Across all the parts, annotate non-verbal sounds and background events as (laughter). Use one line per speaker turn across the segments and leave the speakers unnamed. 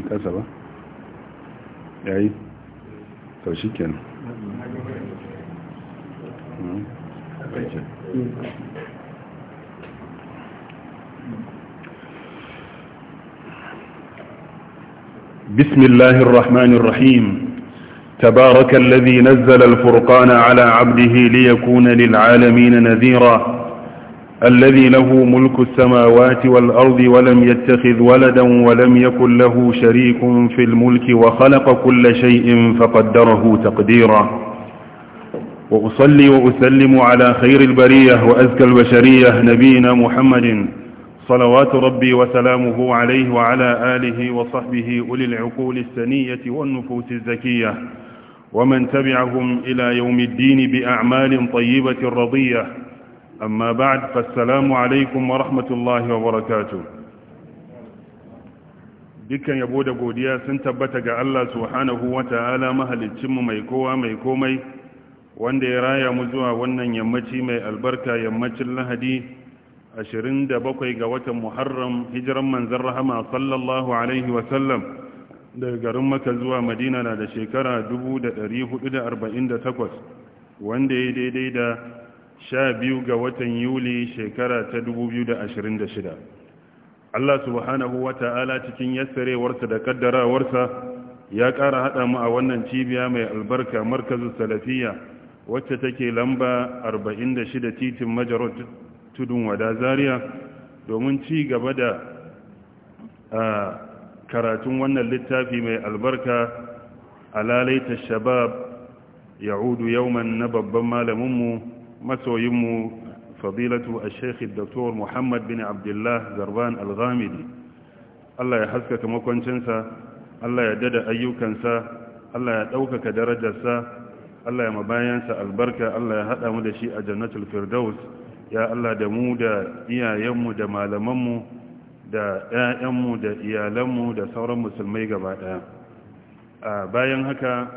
yi kasa ba ya yi shi kenan بسم الله الرحمن الرحيم تبارك الذي نزل الفرقان على عبده ليكون للعالمين نذيرا الذي له ملك السماوات والأرض ولم يتخذ ولدا ولم يكن له شريك في الملك وخلق كل شيء فقدره تقديرا وأصلي وأسلم على خير البرية وأزكى البشرية نبينا محمد صلوات ربي وسلامه عليه وعلى آله وصحبه أولي العقول السنية والنفوس الزكية ومن تبعهم إلى يوم الدين بأعمال طيبة رضية أما بعد فالسلام عليكم ورحمة wa barakatu. dukkan yabo da godiya sun tabbata ga Allah subhanahu ta'ala mahalicinmu mai kowa mai komai wanda ya raya mu zuwa wannan yammaci mai albarka yammacin lahadi 27 ga watan muharram hijiran manzan rahama sallallahu alaihi wasallam daga garin maka zuwa madina na da shekara 448 wanda ya daidai da sha biyu ga watan yuli shekara ta 2026 Allah subhanahu wa ta'ala cikin yassarewarsa da kaddarawarsa ya ƙara haɗa mu a wannan cibiya mai albarka markazu salafiya wacce take lamba 46 titin majalar tudun wada zaria domin ci gaba da karatun wannan littafi mai albarka a alalaita shabab yaudu yauman na babban malaminmu masoyinmu fadilatu a sheikh dr muhammad bin abdullah zarban alghamidi allah ya haskaka makwancinsa allah ya dada ayyukansa allah ya ɗaukaka darajarsa allah ya mabayansa albarka allah ya haɗa mu da shi a jannatul firdaus ya allah da mu da iyayenmu da malamanmu da 'ya'yanmu da iyalanmu da sauran musulmai gaba ɗaya bayan haka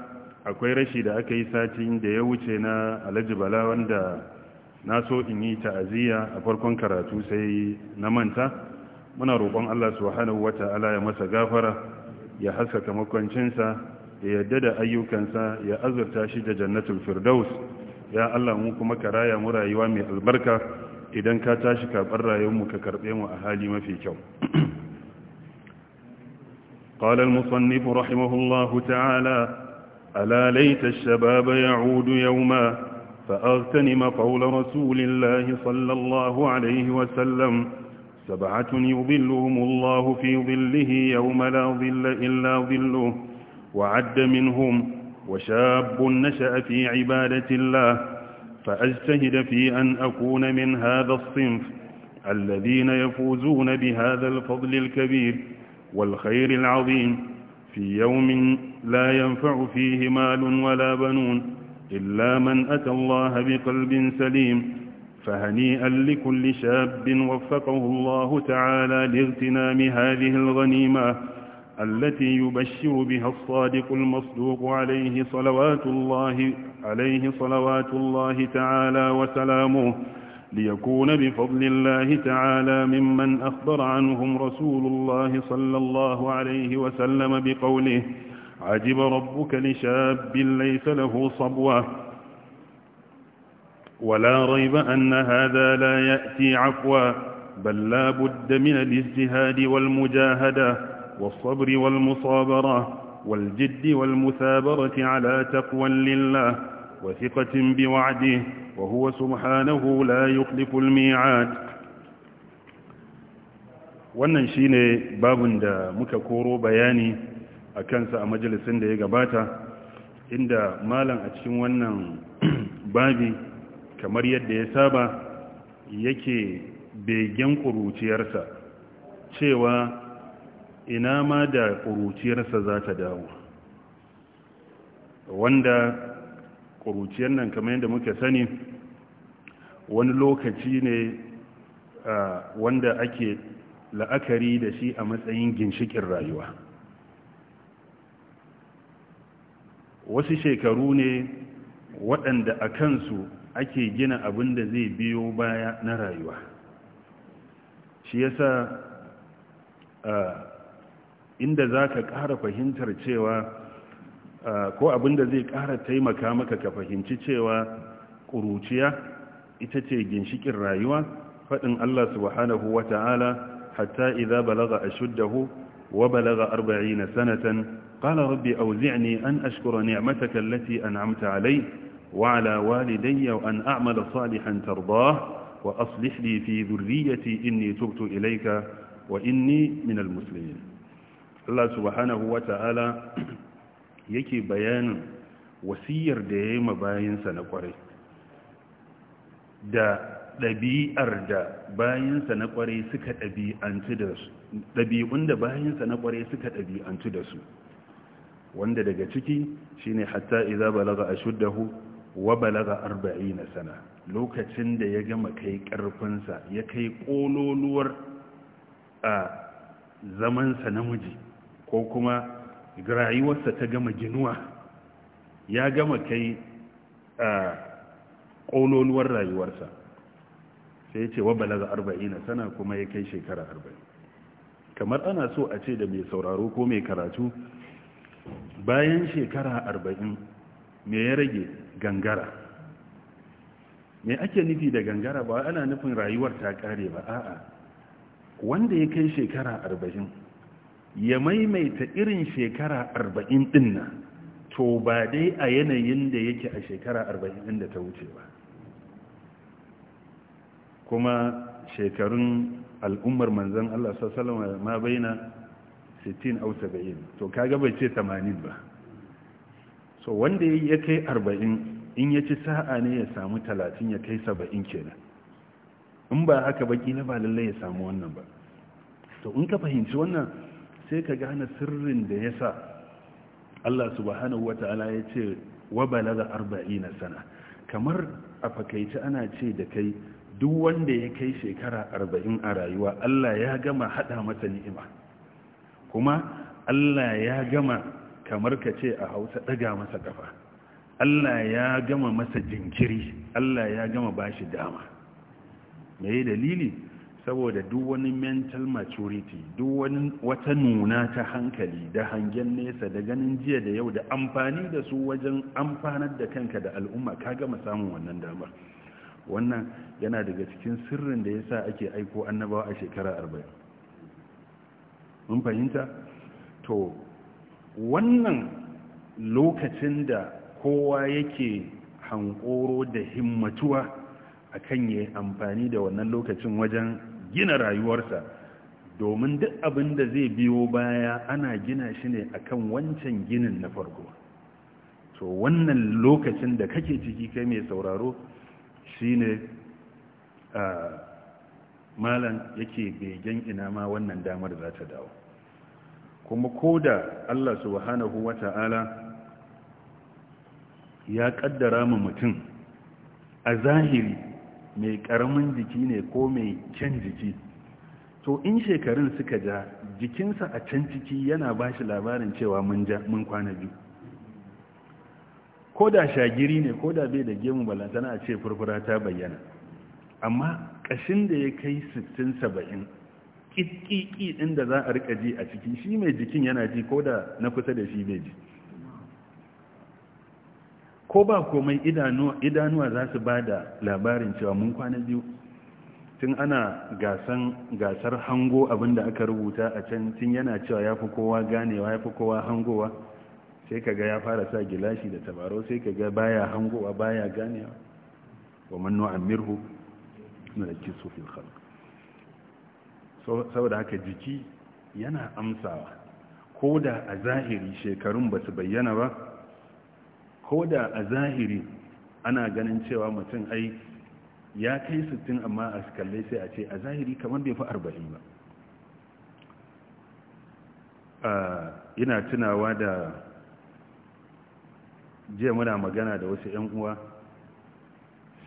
akwai rashi da aka yi satin da ya wuce na alhaji bala wanda na so in yi ta'aziyya a farkon karatu sai na manta muna roƙon Allah subhanahu wata'ala ya masa gafara ya haskaka makwancinsa ya yadda da ayyukansa ya azurta shi da jannatul firdaus ya Allah mu kuma ka raya mu rayuwa mai albarka idan ka tashi karɓar rayuwar mu ka karɓe mu a hali mafi kyau قال المصنف رحمه الله تعالى ألا ليت الشباب يعود يوما فأغتنم قول رسول الله صلى الله عليه وسلم سبعة يظلهم الله في ظله يوم لا ظل إلا ظله وعد منهم وشاب نشأ في عبادة الله فأجتهد في أن أكون من هذا الصنف الذين يفوزون بهذا الفضل الكبير والخير العظيم في يوم لا ينفع فيه مال ولا بنون إلا من أتى الله بقلب سليم فهنيئا لكل شاب وفقه الله تعالى لاغتنام هذه الغنيمة التي يبشر بها الصادق المصدوق عليه صلوات الله عليه صلوات الله تعالى وسلامه ليكون بفضل الله تعالى ممن أخبر عنهم رسول الله صلى الله عليه وسلم بقوله عجب ربك لشاب ليس له صبوة ولا ريب أن هذا لا يأتي عفوا بل لا بد من الاجتهاد والمجاهدة والصبر والمصابرة والجد والمثابرة على تقوى لله وثقة بوعده وهو سبحانه لا يخلف الميعاد wannan shine babun da muka koro bayani a kansa a majalisin da ya gabata inda malam a cikin wannan (clears throat) babi kamar yadda ya saba yake begen ƙuruciyarsa cewa ina ma da ƙuruciyarsa za ta dawo wanda ƙuruciyar nan kamar yadda muka sani wani lokaci ne wanda ake la'akari da shi a matsayin ginshikin rayuwa wasu shekaru ne waɗanda a kansu ake gina abin da zai biyo baya na rayuwa shi yasa inda za ka ƙara fahimtar cewa ko abin da zai ƙara taimaka maka ka fahimci cewa ƙuruciya ita ce ginshikin rayuwa faɗin Allah subhanahu wa ta'ala hatta idza balaga ashuddahu wa balaga 40 sanatan qala rabbi awzi'ni an ashkura ni'mataka allati an'amta alayya wa ala walidayya wa an a'mala salihan tardah wa aslih li fi dhurriyyati inni tubtu ilayka wa inni minal muslimin Allah subhanahu wa ta'ala yake bayanin wasiyar da ya yi bayansa na kwarai da ɗabi'ar da bayansa na kwarai suka ɗabi'antu da su ɗabi'un da bayansa na kwarai suka ɗabi'antu da su wanda daga ciki shine hatta iza balaga shuddahu wa balaga na sana lokacin da ya gama kai ƙarfinsa ya kai ƙololuwar a zamansa namiji ko kuma rayuwarsa ta gama ginuwa ya gama kai a ƙololuwar rayuwarsa sai ce wa balaga arba'ina sana kuma ya kai shekara arba'in kamar ana so a ce da mai sauraro ko mai karatu bayan shekara arba'in me ya rage gangara me ake nufi da gangara ba ana nufin rayuwar ta kare ba a'a wanda ya kai shekara arba'in ya maimaita irin shekara arba'in ɗin nan to ba dai a yanayin da yake a shekara arba'in ɗin ta wuce ba kuma shekarun al'ummar manzan Allah sassalama ma baina sittin au 70 to kaga bai ce 80 ba so wanda ya kai arba'in, in ya ci sa'a ne ya samu talatin ya kai 70 kenan in ba haka baki na ba lallai ya samu wannan ba to in ka fahimci wannan sai ka gane sirrin da ya sa Allah subhanahu wata'ala ya ce wa balaga arba'ina sana kamar a fakaice ana ce da kai duk wanda ya kai shekara arba'in a rayuwa Allah ya gama haɗa masa ni'ima kuma Allah ya gama kamar ka ce a hausa ɗaga masa ƙafa Allah ya gama masa jinkiri Allah ya gama bashi dama mai dalili saboda duk wani mental maturity duk wani wata nuna ta hankali da hangen nesa da ganin jiya da yau da amfani da su wajen amfanar da kanka da al'umma ka gama samun wannan damar wannan yana daga cikin sirrin da ya sa ake aiko annabawa a shekara arba'in mun fahimta to wannan lokacin da kowa yake hankoro da himmatuwa akan yayi amfani da wannan lokacin wajen gina rayuwarsa domin duk abin da zai biyo baya ana gina shi ne akan wancan ginin na farko to wannan lokacin da kake ciki kai mai sauraro shine malan yake begen ina ma wannan damar za ta dawo kuma ko da Allah subhanahu wa ta'ala ya kaddara mu mutum a zahiri mai karamin jiki ne ko mai can jiki to in shekarun suka ja jikinsa a can ciki yana ba shi labarin cewa mun ja, mun kwana biyu ko da shagiri ne ko da bai da gemu balantana a ce furfura ta bayyana amma ƙashin da ya kai 60-70 ƙiƙiƙi inda za a rika ji a ciki shi mai jikin yana ji ko da na kusa da shi bai ji ko ba komai idanuwa za su ba da labarin cewa mun kwana biyu tun ana gasar hango abinda aka rubuta a can tun yana cewa ya fi kowa ganewa ya fi kowa hangowa sai kaga ya fara sa gilashi da tabaro sai kaga baya hangowa baya ganewa wa mannu amirhu nalaki sufil khalq saboda haka jiki yana amsawa ko da a zahiri shekarun ba su bayyana ba ko da a zahiri ana ganin cewa mutum ai ya kai sittin amma a kalle sai a ce a zahiri kamar bai fi arba'in ba ina tunawa da jiya muna magana da wasu 'yan uwa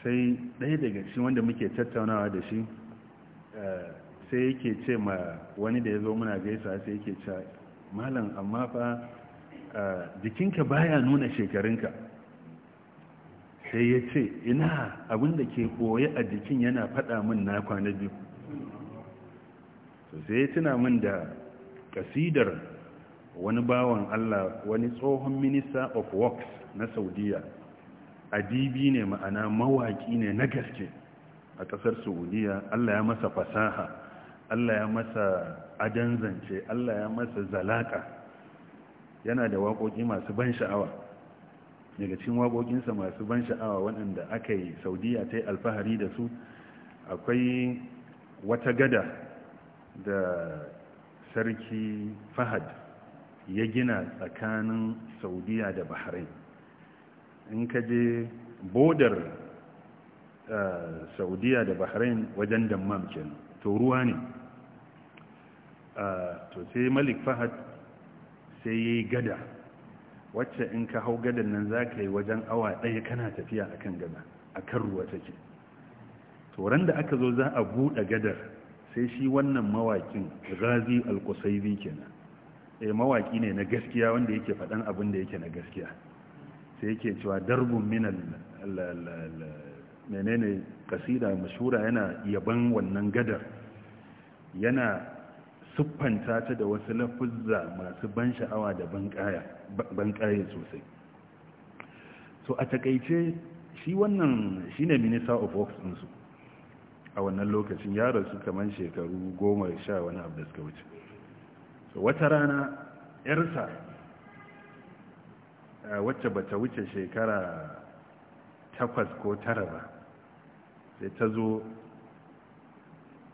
sai ɗaya daga shi wanda muke tattaunawa da shi sai yake ce ma wani da ya zo muna gaisa sai yake ce malam amma fa jikinka baya nuna shekarunka sai ya ce ina abinda ke koye a jikin yana faɗa min na kwana biyu sai ya tuna min da kasidar wani bawan Allah wani tsohon minister of works na saudiya adibi ne ma'ana mawaki ne na gaske a ƙasar saudiya Allah ya masa fasaha Allah ya masa adanzance Allah ya masa zalaka yana da waƙoƙi masu ban sha'awa daga cikin waƙoƙinsa masu ban sha'awa waɗanda aka yi saudiya ta yi alfahari da su akwai wata gada da sarki fahad ya gina tsakanin saudiya da bahrain in ka je bodar eh, saudiya da bahrain wajen dammam kenan to ruwa ne eh, to sai malik fahad sai ya yi gada wacce in ka hau gadan nan za ka yi wajen awa ɗaya kana tafiya a kan gada a kan ruwa take turan da aka zo za a buɗe gadar sai shi wannan mawaƙin razi alkusaibi kenan eh mawaƙi ne na gaskiya wanda yake faɗan abin da yake na gaskiya sai yake cewa darbun minal menene kasida mashura yana yaban wannan gadar yana siffanta ta da wasu lafuzza masu ban sha'awa da ban ƙaya sosai so a takaice shi wannan shi ne minister of works ɗinsu a wannan lokacin yaro su kamar shekaru goma sha wani abu da suka wuce so wata rana yarsa eh, wacce ba ta wuce shekara takwas ko tara ba sai ta zo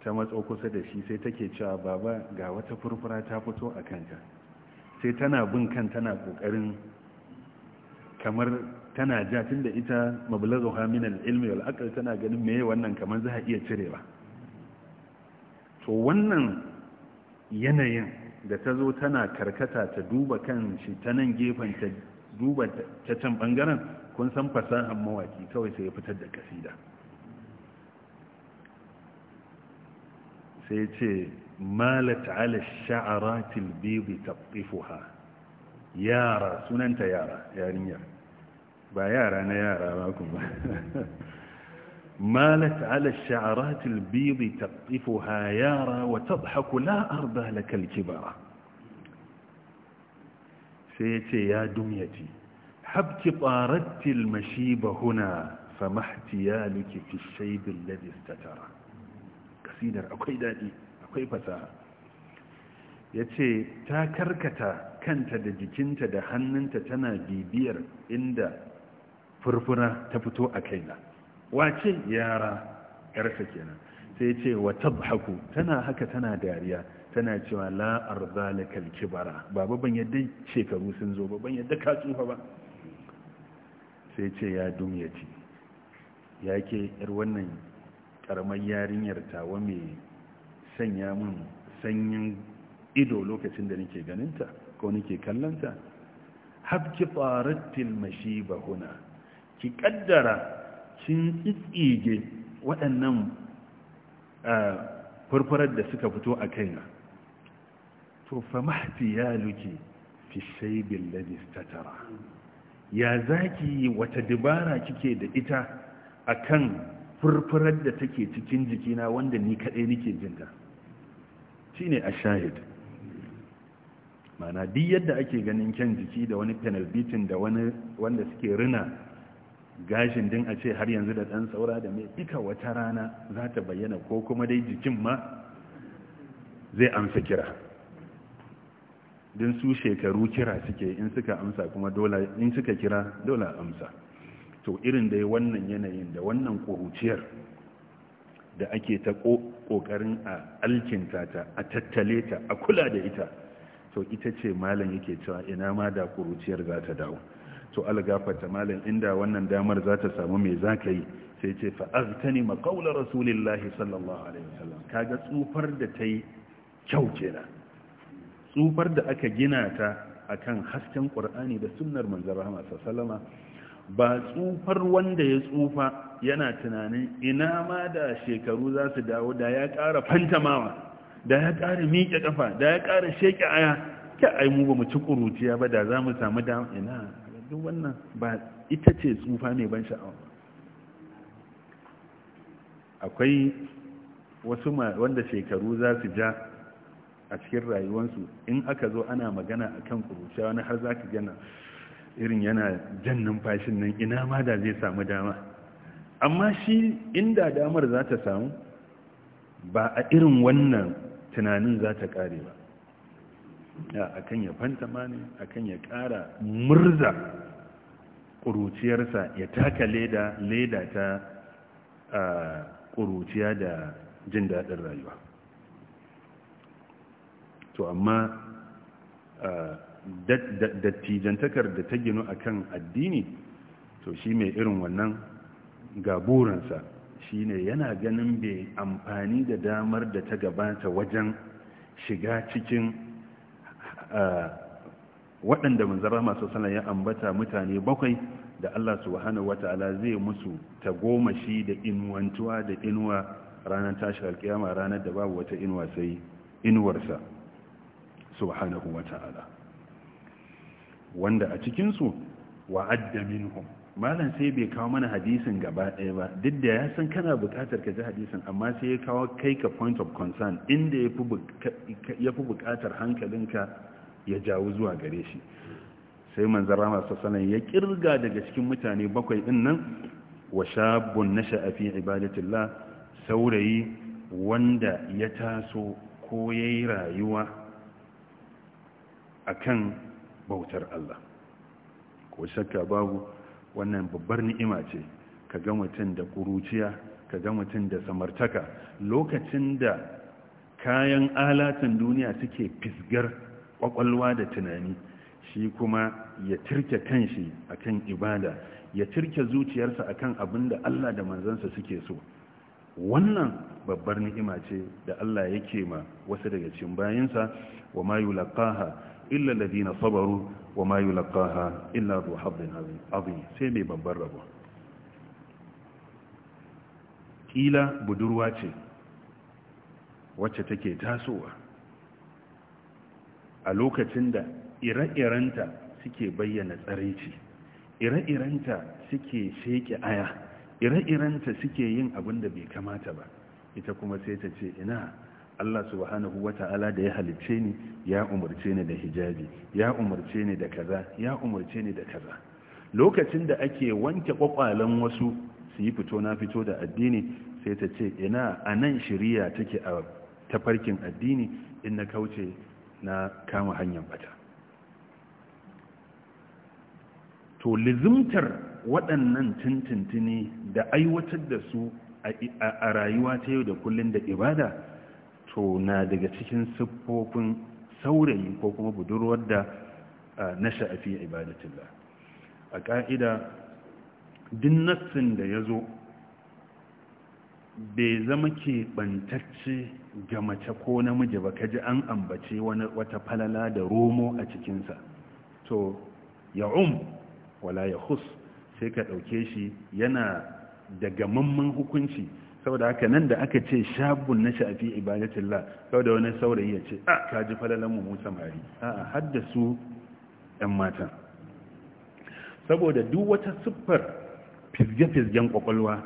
ta matso kusa da shi sai take cewa baba ga wata furfura ta fito a kanka sai tana bin kan tana kokarin kamar tana ja da ita mablaghu Hamina ilmi wal tana ganin meye wannan kamar za a iya cirewa to wannan yanayin da ta zo tana karkata ta duba kan shi ta nan gefen ta duba ta can bangaren kun san fasahan mawaki kawai sai ya fitar da kasida سيتي مالت على الشعرات البيض bibi يارا yara sunanta yara با ba yara انا yara ba kuma مالت على الشعرات البيض تقطفها يارا وتضحك لا أرضى لك الكبار سيتي يا دميتي حبت طاردت المشيب هنا فما احتيالك في الشيب الذي استترى ƙasidar akwai daɗi akwai fasaha ya ce ta karkata kanta da jikinta da hannunta tana bibiyar inda furfura ta fito a kaina wace yara ƙarsa kenan sai ce wa tabhaku tana haka tana dariya tana cewa la arzalika kibara ba ban yadda shekaru sun zo ba ban yadda ka tsufa ba sai ce ya dumyaci ya ke yar wannan karamar yarinyar tawa mai sanya mun sanyin ido lokacin da nake ganinta ko nake kallonta habki faratil mashiba huna ki kaddara kin tsitsige waɗannan furfurar da suka fito a kaina to fa luke fi shaybil ladhi istatara ya zaki wata dubara kike da ita akan furfurar da take cikin jikina wanda ni kaɗai nake jinta shi ne a shahid mana duk yadda ake ganin kyan jiki da wani penalbitin da wani wanda suke rina gashin din a ce har yanzu da ɗan saura da mai duka wata rana za ta bayyana ko kuma dai jikin ma zai amsa kira din su shekaru kira suke in suka amsa kuma dola, in suka kira dola amsa to irin da wannan yanayin da wannan ƙuruciyar da ake ta ƙoƙarin a alkinta ta a tattale ta a kula da ita to ita ce malam yake cewa ina ma da ƙuruciyar za ta dawo to algafata malam inda wannan damar za ta samu mai za ka yi sai ce fa'aztani maƙaular rasulillahi sallallahu alaihi wasallam kaga tsufar da ta yi kyau kena tsufar da aka gina ta akan hasken ƙur'ani da sunnar manzara masu salama. ba tsufar wanda ya tsufa yana tunanin ina ma da shekaru za su dawo da ya ƙara fantamawa da ya ƙara miƙe ƙafa da ya ƙara sheƙe aya ke ai mu ba mu ci ƙuruciya ba da za mu samu dama ina duk wannan ba ita ce tsufa mai ban sha'awa akwai wasu wanda shekaru za su ja a cikin rayuwarsu in aka zo ana magana a kan ƙuruciya wani har za ka gana irin yana jan numfashin nan ina ma da zai samu dama amma shi inda damar za ta samu ba a irin wannan tunanin za ta kare ba ya akan ya ma ne akan ya kara murza ƙuruciyarsa ya taka leda leda ta ƙuruciya da jin daɗin rayuwa to amma dattijantakar da ta ginu akan addini to shi mai irin wannan gaburansa shi ne yana ganin bai amfani da damar da ta gabata wajen shiga cikin waɗanda manzara masu sana ya ambata mutane bakwai da Allah subhanahu wata'ala zai musu ta tagomashi da inuwantuwa da inuwa ranar tashi alkiyama ranar da babu wata inuwa sai inuwarsa subhanahu wata'ala wanda a cikinsu wa adda minhum malam sai bai kawo mana hadisin gaba ɗaya ba duk da ya san kana buƙatar ka ji hadisin amma sai ya kawo kai ka point of concern inda ya fi buƙatar hankalinka ya jawo zuwa gare shi sai manzan rama sassanan ya kirga daga cikin mutane bakwai ɗin nan wa shabun na sha'afi ibadatillah saurayi wanda ya taso ko ya rayuwa akan. bautar Allah ko shakka babu wannan babbar ni'ima ce ka ga mutum da kuruciya ka ga mutum da samartaka lokacin da kayan alatan duniya suke fisgar kwakwalwa da tunani shi kuma ya turke kanshi akan ibada ya turke zuciyarsa akan abin da Allah da manzansa suke so wannan babbar ni'ima ce da Allah yake ma wasu daga cikin bayansa wa ma yulqaha illa ladina sabaru wa ma yulqaha illa dhu hazzin azim sai mai babban rabo Ƙila budurwa ce wacce take tasowa a lokacin da ire-irenta suke bayyana tsaraici ire-irenta suke sheƙi aya ire-irenta suke yin abin da bai kamata ba ita kuma sai ta ce ina Allah subhanahu wa ta'ala da ya halicce ni ya umarce ni da hijabi ya umarce ni da kaza ya umarce ni da kaza lokacin da ake wanke kwakwalen wasu su yi fito na fito da addini sai ta ce ina a nan shiriya take a tafarkin addini in na kauce na kama hanyar bata to lizimtar waɗannan tintintini da aiwatar da su a rayuwa ta yau da kullum da ibada to na daga cikin siffofin saurayi ko kuma budurwar da na sha'afi ibadatillah a ƙa'ida din nassin da ya zo bai zama ke keɓantacce ga mace ko namiji ba kaji an ambace wata falala da romo a cikinsa to ya um wala ya hus sai ka ɗauke shi yana daga mamman hukunci saboda haka nan da aka ce shabun na shafi ibadatillah kawai da wani saurayi ya ce a ah, kaji falalan mu samari a haddasu ɗan mata saboda duk wata siffar fisge fisgen kwakwalwa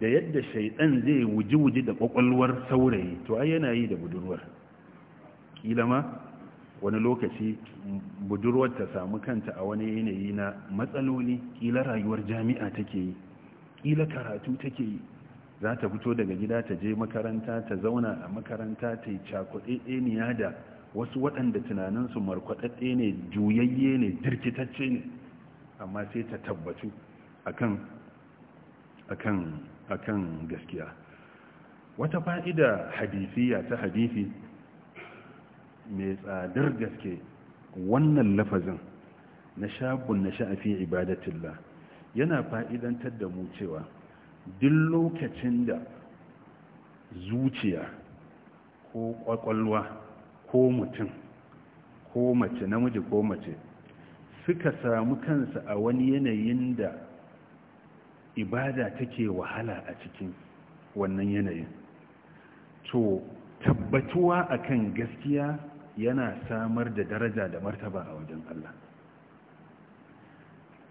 da yadda shaidan zai wuji-wuji da kwakwalwar saurayi to ai yana yi da budurwar kila ma wani lokaci budurwar ta samu kanta a wani yanayi na matsaloli ƙila rayuwar jami'a take yi kila karatu take yi za ta fito daga gida ta je makaranta ta zauna a makaranta ta yi cakuɗeɗeniya da wasu waɗanda tunaninsu markwaɗaɗɗe ne juyayye ne jirkitacce ne amma sai ta tabbatu akan gaskiya wata fa'ida hadisiya ta hadisi mai tsadar gaske wannan lafazin na shabun na sha'afi ibadatillah yana fa'idantar da mu cewa duk lokacin da zuciya ko kwakwalwa ko mutum ko mace namiji ko mace suka samu kansa a wani yanayin da ibada take wahala a cikin wannan yanayin to tabbatuwa akan gaskiya yana samar da daraja da martaba a wajen Allah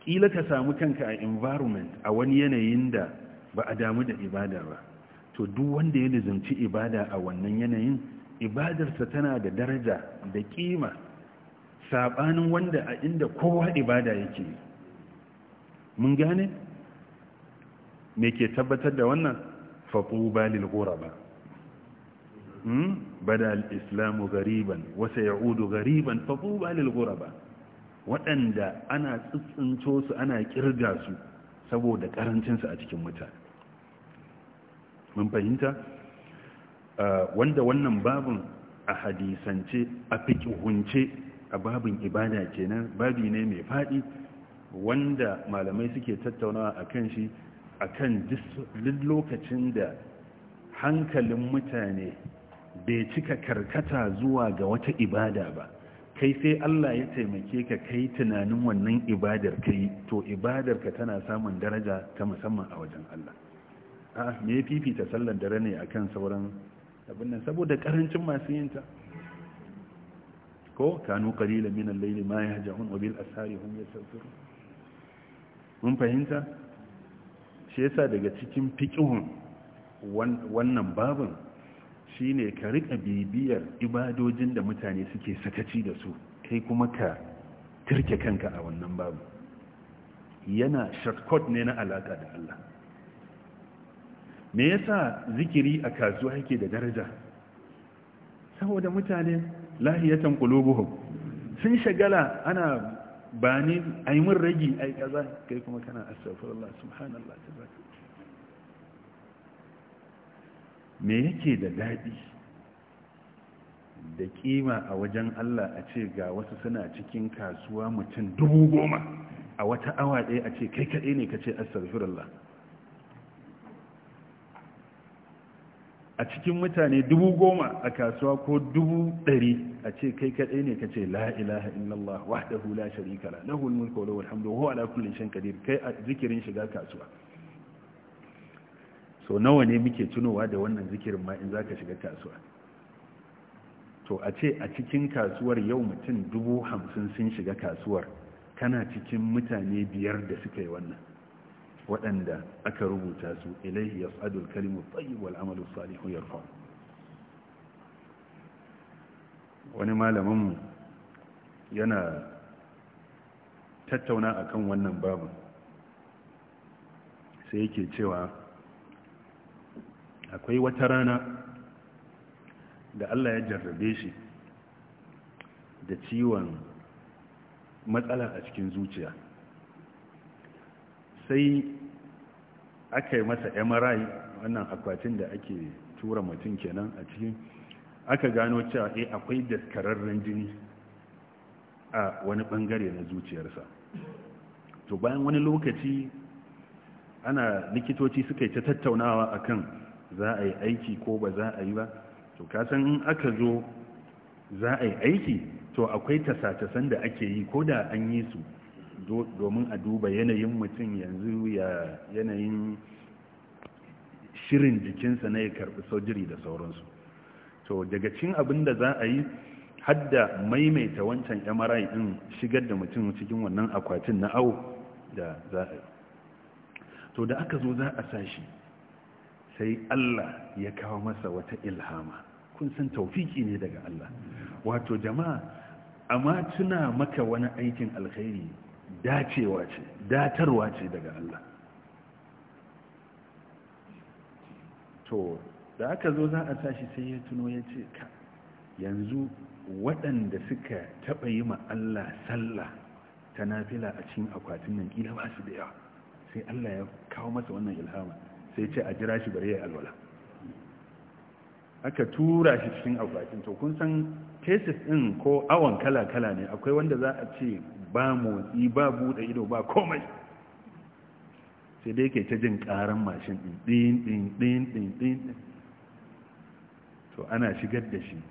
ƙila ka samu kanka a environment a wani yanayin da ba a damu da ibada ba to duk wanda ya nizanci ibada a wannan yanayin ibadarsa tana da daraja da kima saɓanin wanda a inda kowa ibada yake mun gane me ke tabbatar da wannan fatuba lil ghuraba hmm? bada al-islamu ghariban ya'udu gariban, ghariban fatuba lil waɗanda ana tsitsinto su ana ƙirga su saboda karancinsu a cikin mutane mun fahimta ah, wanda wannan babun a hadisance a fikihunce a babin ibada kenan babi ne mai faɗi wanda malamai suke tattaunawa a kan shi a kan lokacin da hankalin mutane bai cika karkata zuwa ga wata ibada ba kai sai Allah ya taimake ka kai tunanin wannan ibadar kai to ibadar ka tana samun daraja ta musamman a wajen Allah a me ya fifita sallar dare ne akan sauran abin nan saboda karancin masu yin ta ko kanu qalilan min al-layli ma yahjahun wa bil ashari hum yastaghfirun mun fahimta shi yasa daga cikin fiqhun wannan babin shine ka rika bibiyar ibadojin da mutane suke sakaci da su kai kuma ka turke kanka a wannan babu yana shortcut ne na alaka da Allah me yasa zikiri a kasuwa yake da daraja saboda mutane lahiyatan qulubuhum sun shagala ana bani ne a ragi a kaza kai kuma kana astaghfirullah subhanallah tabaraka me yake da dadi da kima a wajen Allah a ce ga wasu suna cikin kasuwa mutum dubu goma a wata awa ɗaya a ce kai kaɗai ne ka ce astaghfirullah a cikin mutane dubu goma a kasuwa ko dubu ɗari a ce kai kaɗai ne ka ce la ilaha illallah wahdahu hula sharika la lahul mulka wa alhamdu wa ala shan kai a zikirin shiga kasuwa so nawa ne muke tunowa da wannan zikirin ma in zaka shiga kasuwa to a ce a cikin kasuwar yau mutum dubu hamsin sun shiga kasuwar kana cikin mutane biyar da suka yi wannan waɗanda aka rubuta su ilaihi yas'adul kalimu tayyib wal salihun ya rufa wani malamin yana tattauna a kan wannan babu sai yake cewa akwai wata rana da Allah ya jarrabe shi da ciwon matsala a cikin zuciya sai aka yi masa mri wannan akwatin da ake tura mutum kenan a cikin aka gano cewa eh akwai daskararren jini a wani bangare na zuciyarsa to bayan wani lokaci ana likitoci suka yi ta tattaunawa akan za a yi aiki ko ba za a yi ba to kasan in aka zo za a yi aiki to akwai tasa-tasan da ake yi ko da an yi su domin a duba yanayin mutum yanzu ya yanayin shirin jikinsa na ya karbi sojiri da sauransu to daga cin abin da za a yi hadda maimaita wancan mri din shigar da mutum cikin wannan akwatin na au da za a yi to da aka zo za a sashi sai allah ya kawo masa wata ilhama kun san taufiki ne daga allah wato jama'a amma tuna maka wani aikin alkhairi dacewa ce datarwa ce daga Allah to da aka zo za a tashi sai ya tuno ya ce ka yanzu waɗanda suka taɓa yi Allah sallah ta nafila a cikin akwatin nan ƙila ba su da yawa sai Allah ya kawo masa wannan ilhama sai ce a jira shi bari ya alwala aka tura shi cikin akwatin to kun san cases ɗin ko awon kala-kala ne akwai wanda za a ce ba motsi ba buɗe ido ba komai sai dai ke ta jin ƙaran mashin ɗin ɗin ɗin ɗin ɗin to ana shigar da shi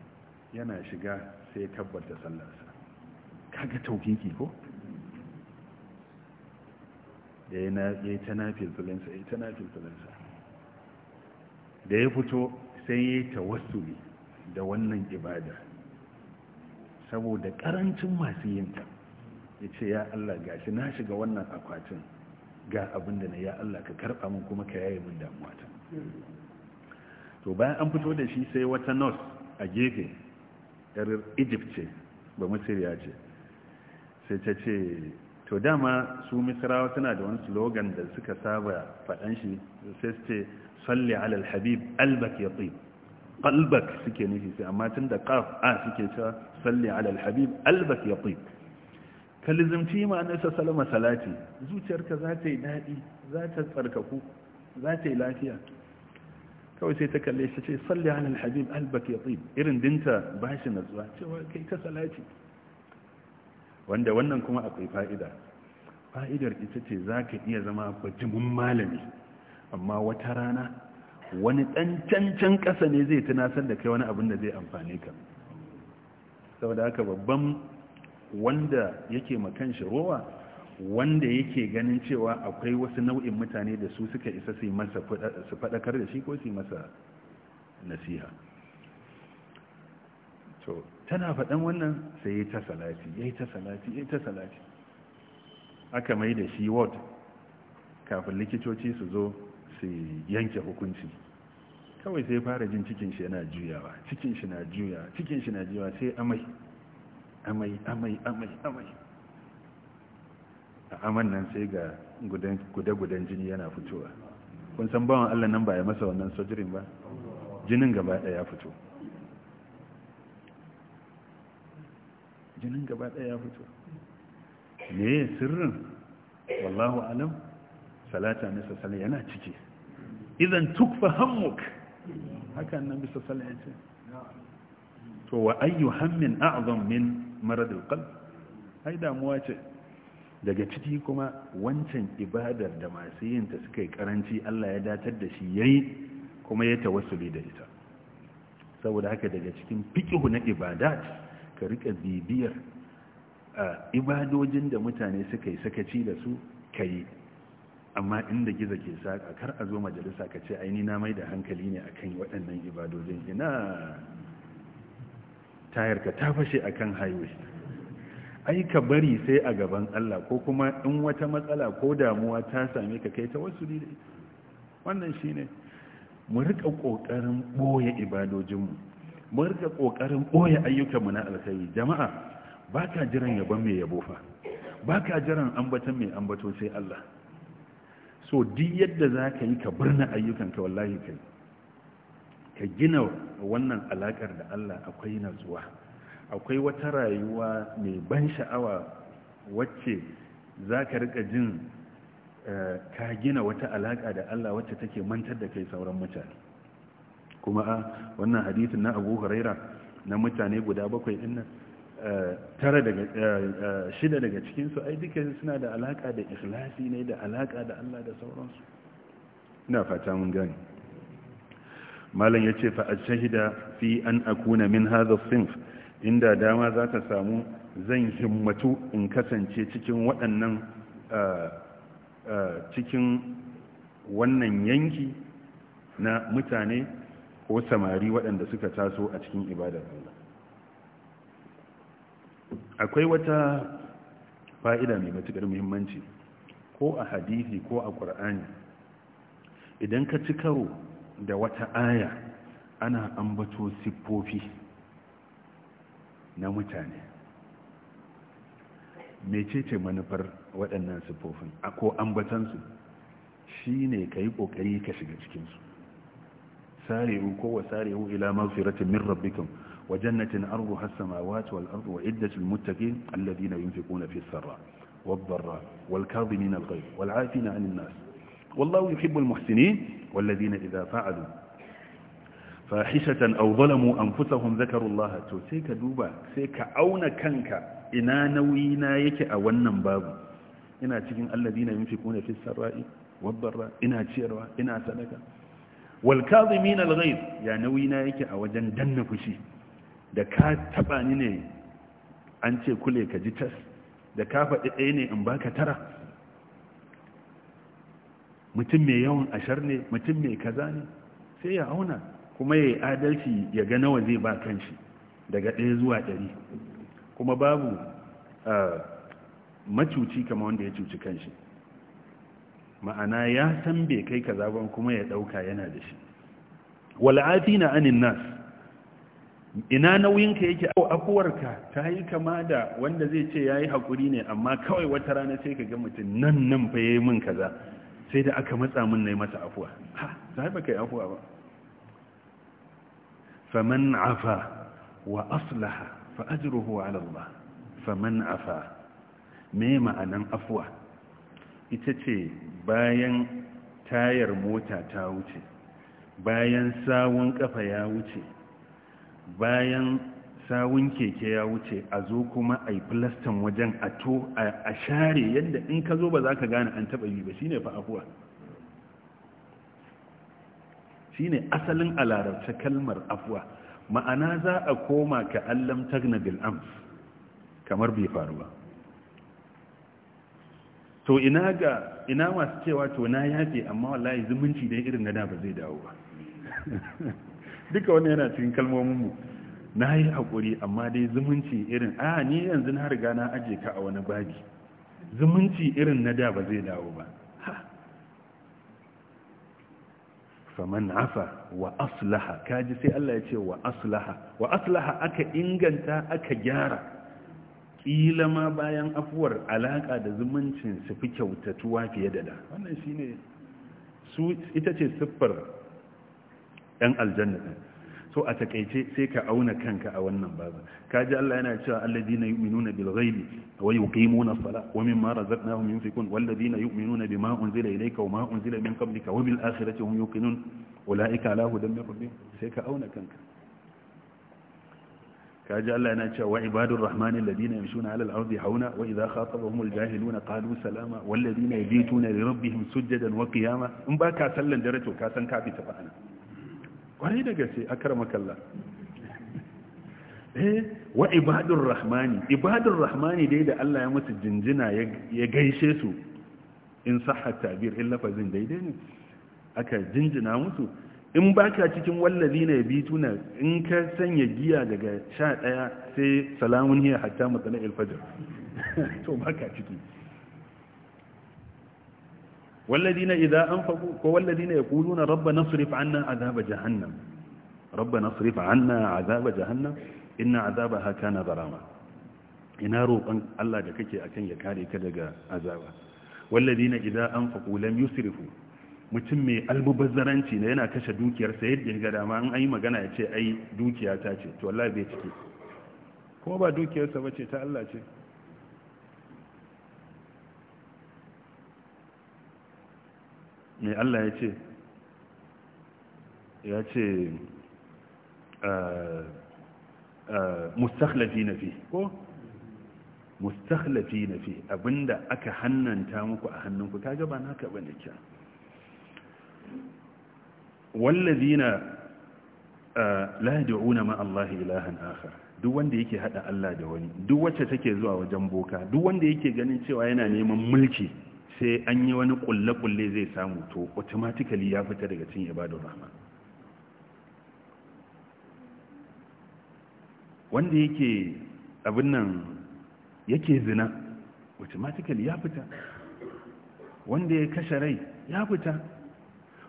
yana shiga sai tabbata sallarsa kaga taukiki ko ya yi ta nafin filinsa ya yi ta filinsa da ya fito sai ya yi wasu da wannan ibada saboda ƙarancin masu yinta ya ce ya Allah gashi na shiga wannan akwatin ga abin da na ya Allah ka karɓa min kuma ka yaye min damuwa ta to bayan an fito da shi sai wata north a gefe yar Egypt ce ba Misriya ce sai ta ce to dama su Misrawa suna da wani slogan da suka saba faɗan shi sai su ce salli ala habib albak yatib qalbak suke nufi sai amma tunda qaf a suke cewa salli ala habib albak yatib ka lizimci ma annabi salati zuciyarka za ta yi daɗi za ta tsarkaku za ta yi lafiya kawai sai ta kalle shi ce salli ala alhabib albak yatib irin dinta bashi natsuwa cewa kai ta salati wanda wannan kuma akwai fa'ida fa'idar ita ce za ka iya zama bajimin malami amma wata rana wani ɗan cancan ƙasa ne zai tunasar da kai wani abin da zai amfane ka saboda haka babban wanda yake makan shi rowa wanda yake ganin cewa akwai wasu nau'in mutane da su suka isa su masa su fadakar da shi ko su masa nasiha to tana faɗan wannan sai yi ta salati yi ta salati yi ta salati aka mai da shi ward kafin likitoci su zo su yanke hukunci kawai sai fara jin cikin shi yana juyawa cikin shi na juyawa, cikin shi na juyawa, sai amai amai amai amai amai a aman nan sai ga guda-gudan jini yana fitowa kun san bawan allah nan ba ya masa wannan sojirin ba jinin gaba ɗaya ya fito jinin gaba ɗaya ya fito ne sirrin wallahu alam salata na sassale yana ciki idan tukfa hammuk hakan nan bisa ce, to wa ayyuhan min a'zam min maradul kal ai damuwa ce daga ciki kuma wancan ibadar da masu yin ta suka yi karanci Allah ya datar da shi yayi kuma ya tawassuli da ita saboda haka daga cikin fikihu na ibadat ka rika bibiyar ibadojin da mutane suka yi sakaci da su kai amma inda gizo ke saka kar a zo majalisa ka ce aini na mai da hankali ne akan waɗannan ibadojin ina tayar ka ta fashe a kan highway ai ka bari sai a gaban Allah ko kuma in wata matsala ko damuwa ta same ka kai ta wasu dide wannan shi ne. mu rika kokarin boye ibadojinmu mu rika kokarin boye ayyukanmu na alkhairi jama'a ba ka jiran yabon mai yabo fa ka jiran ambaton mai ambato sai Allah so duk yadda ka yi ka birna ayyukanka wallahi kai ka gina wannan alakar da Allah akwai natsuwa akwai wata rayuwa mai ban sha'awa wacce za ka rika jin eh, ka gina wata alaka da Allah wacce take mantar da kai sauran mutane kuma a ah, wannan hadisin na abu huraira na mutane guda bakwai din nan eh, tara daga eh, shida daga cikinsu ai duka suna da alaka da ikhlasi ne da alaka da Allah da sauransu ina fata mun gani malam ya ce shahida fi an akuna min hadha sinf inda dama za ka samu zan himmatu in kasance cikin waɗannan cikin wannan yanki na mutane ko samari waɗanda suka taso a cikin ibadar Allah akwai wata fa'ida mai matuƙar muhimmanci ko a hadisi ko a ƙur'ani idan ka ci karo da wata aya ana ambato siffofi na mutane mecece manufar waɗannan siffofin a ko ambatansu shi ne ka yi ƙoƙari ka shiga cikinsu sarewu kowa sarewu ila mafiratin min rabbikin wa jannatin ardu hassama wato al'ardu wa iddatul muttaqin alladhina yunfiquna fi sarra wad-dharra wal kadhimin al-ghayb wal 'afina 'anil والله يحب المحسنين والذين إذا فعلوا فاحشة أو ظلموا أنفسهم ذكروا الله تو سيك دوبا سيك أون كنك إنا نوينا يك أونا بابو إنا تكين الذين ينفقون في السراء والضراء إنا تشيروا إنا سلكا والكاظمين الغيظ يا نوينا يك أوجن دن فشي da ka taba ni ne an ce kule ka ji tas da ka faɗi ɗaya ne in baka tara mutum mai yawan ashar ne mutum mai kaza ne sai ya auna kuma ya yi adalci ya ga nawa zai ba kanshi daga ɗaya zuwa ɗari kuma babu macuci kama wanda ya cuci kanshi ma'ana ya san bai kai kaza ba kuma ya ɗauka yana da shi wal'afi na anin nas ina nauyinka yake au akuwarka ta yi kama da wanda zai ce ya yi haƙuri ne amma kawai wata rana sai ka ga mutum nan nan fa ya yi min kaza sai da aka matsa mun na yi mata afuwa ha za baka yi afuwa ba faman afa wa aslaha fa ajruhu ala Allah faman afa me ma'anan afuwa ita ce bayan tayar mota ta wuce bayan sawun kafa ya wuce bayan sawun keke ya wuce a zo kuma a yi filastan wajen a to a share yadda in ka zo ba za ka gane an taɓa yi ba shi ne fa'afuwa shi ne asalin alararta kalmar afuwa ma'ana za a koma ka allam tagna bil'ams kamar bai faru ba to ina ga ina masu cewa to na yafe amma wallahi zumunci dai irin na da ba zai dawo ba (laughs) duka wani yana cikin kalmomin mu. na yi haƙuri amma dai zumunci irin a ni yanzu na riga na aje ka a wani babi zumunci irin na da ba zai dawo ba faman afa wa aslaha kaji sai Allah ya ce wa aslaha wa aslaha aka inganta aka gyara kila ma bayan afuwar alaƙa da zumuncin su fi kyautatuwa fiye da da wannan shine su ita ce siffar yan aljanna so a takaice sai ka auna kanka a wannan babu kaji Allah yana cewa alladina yu'minuna bil ghaibi wa yuqimuna as-sala wa mimma razaqnahum yunfiqun walladina yu'minuna bima unzila ilayka wa ma unzila min qablika wa bil akhirati hum yuqinun ulaika ala hudan min rabbihim sai ka auna kanka kaji Allah yana cewa wa ibadur rahman alladina yamshuna ala al-ardi hauna wa idha khatabahum al-jahiluna qalu salama walladina yabituna li rabbihim sujadan wa qiyama in baka sallan dare to ka san ka fita fa'ana kwarai da gaske a karmakalla (laughs) eh wa ibadur rahmani ibadur rahmani dai da Allah ya musu jinjina ya gaishe su in sahha tabir in lafazin daidai ne aka jinjina musu in baka cikin wallazina yabituna bituna in ka sanya giya daga 11 sai salamun hiya hatta matsala'il fajr (laughs) to baka ciki والذين إذا أنفقوا والذين يقولون ربنا اصرف عنا عذاب جهنم ربنا اصرف عنا عذاب جهنم إن عذابها كان غراما ina roƙon Allah da أكن يكاري كدق عذابا والذين إذا أنفقوا لم يسرفوا anfaqu mutum albubazzaranci ne yana kashe dukiyar sa yadda ga dama an yi magana ya ce ai dukiya ta ce to wallahi bai ciki kuma ba dukiyar sa bace ta Allah ce mai Allah ya ce ya ce ah, ah, mustahlafi na fi ko mustahlafi na fi abinda aka hannanta muku a hannunku ta gaba ka bane kya wallazina ah, la yad'una ma Allah ilahan akhar duk wanda yake hada Allah da wani duk wacce take zuwa wajen boka duk wanda yake ganin cewa yana neman mulki sai an yi wani kulle-kulle zai samu to automatically ya fita daga cin ibadun rahman wanda yake abin nan yake zina automatically ya fita wanda ya kashe rai ya fita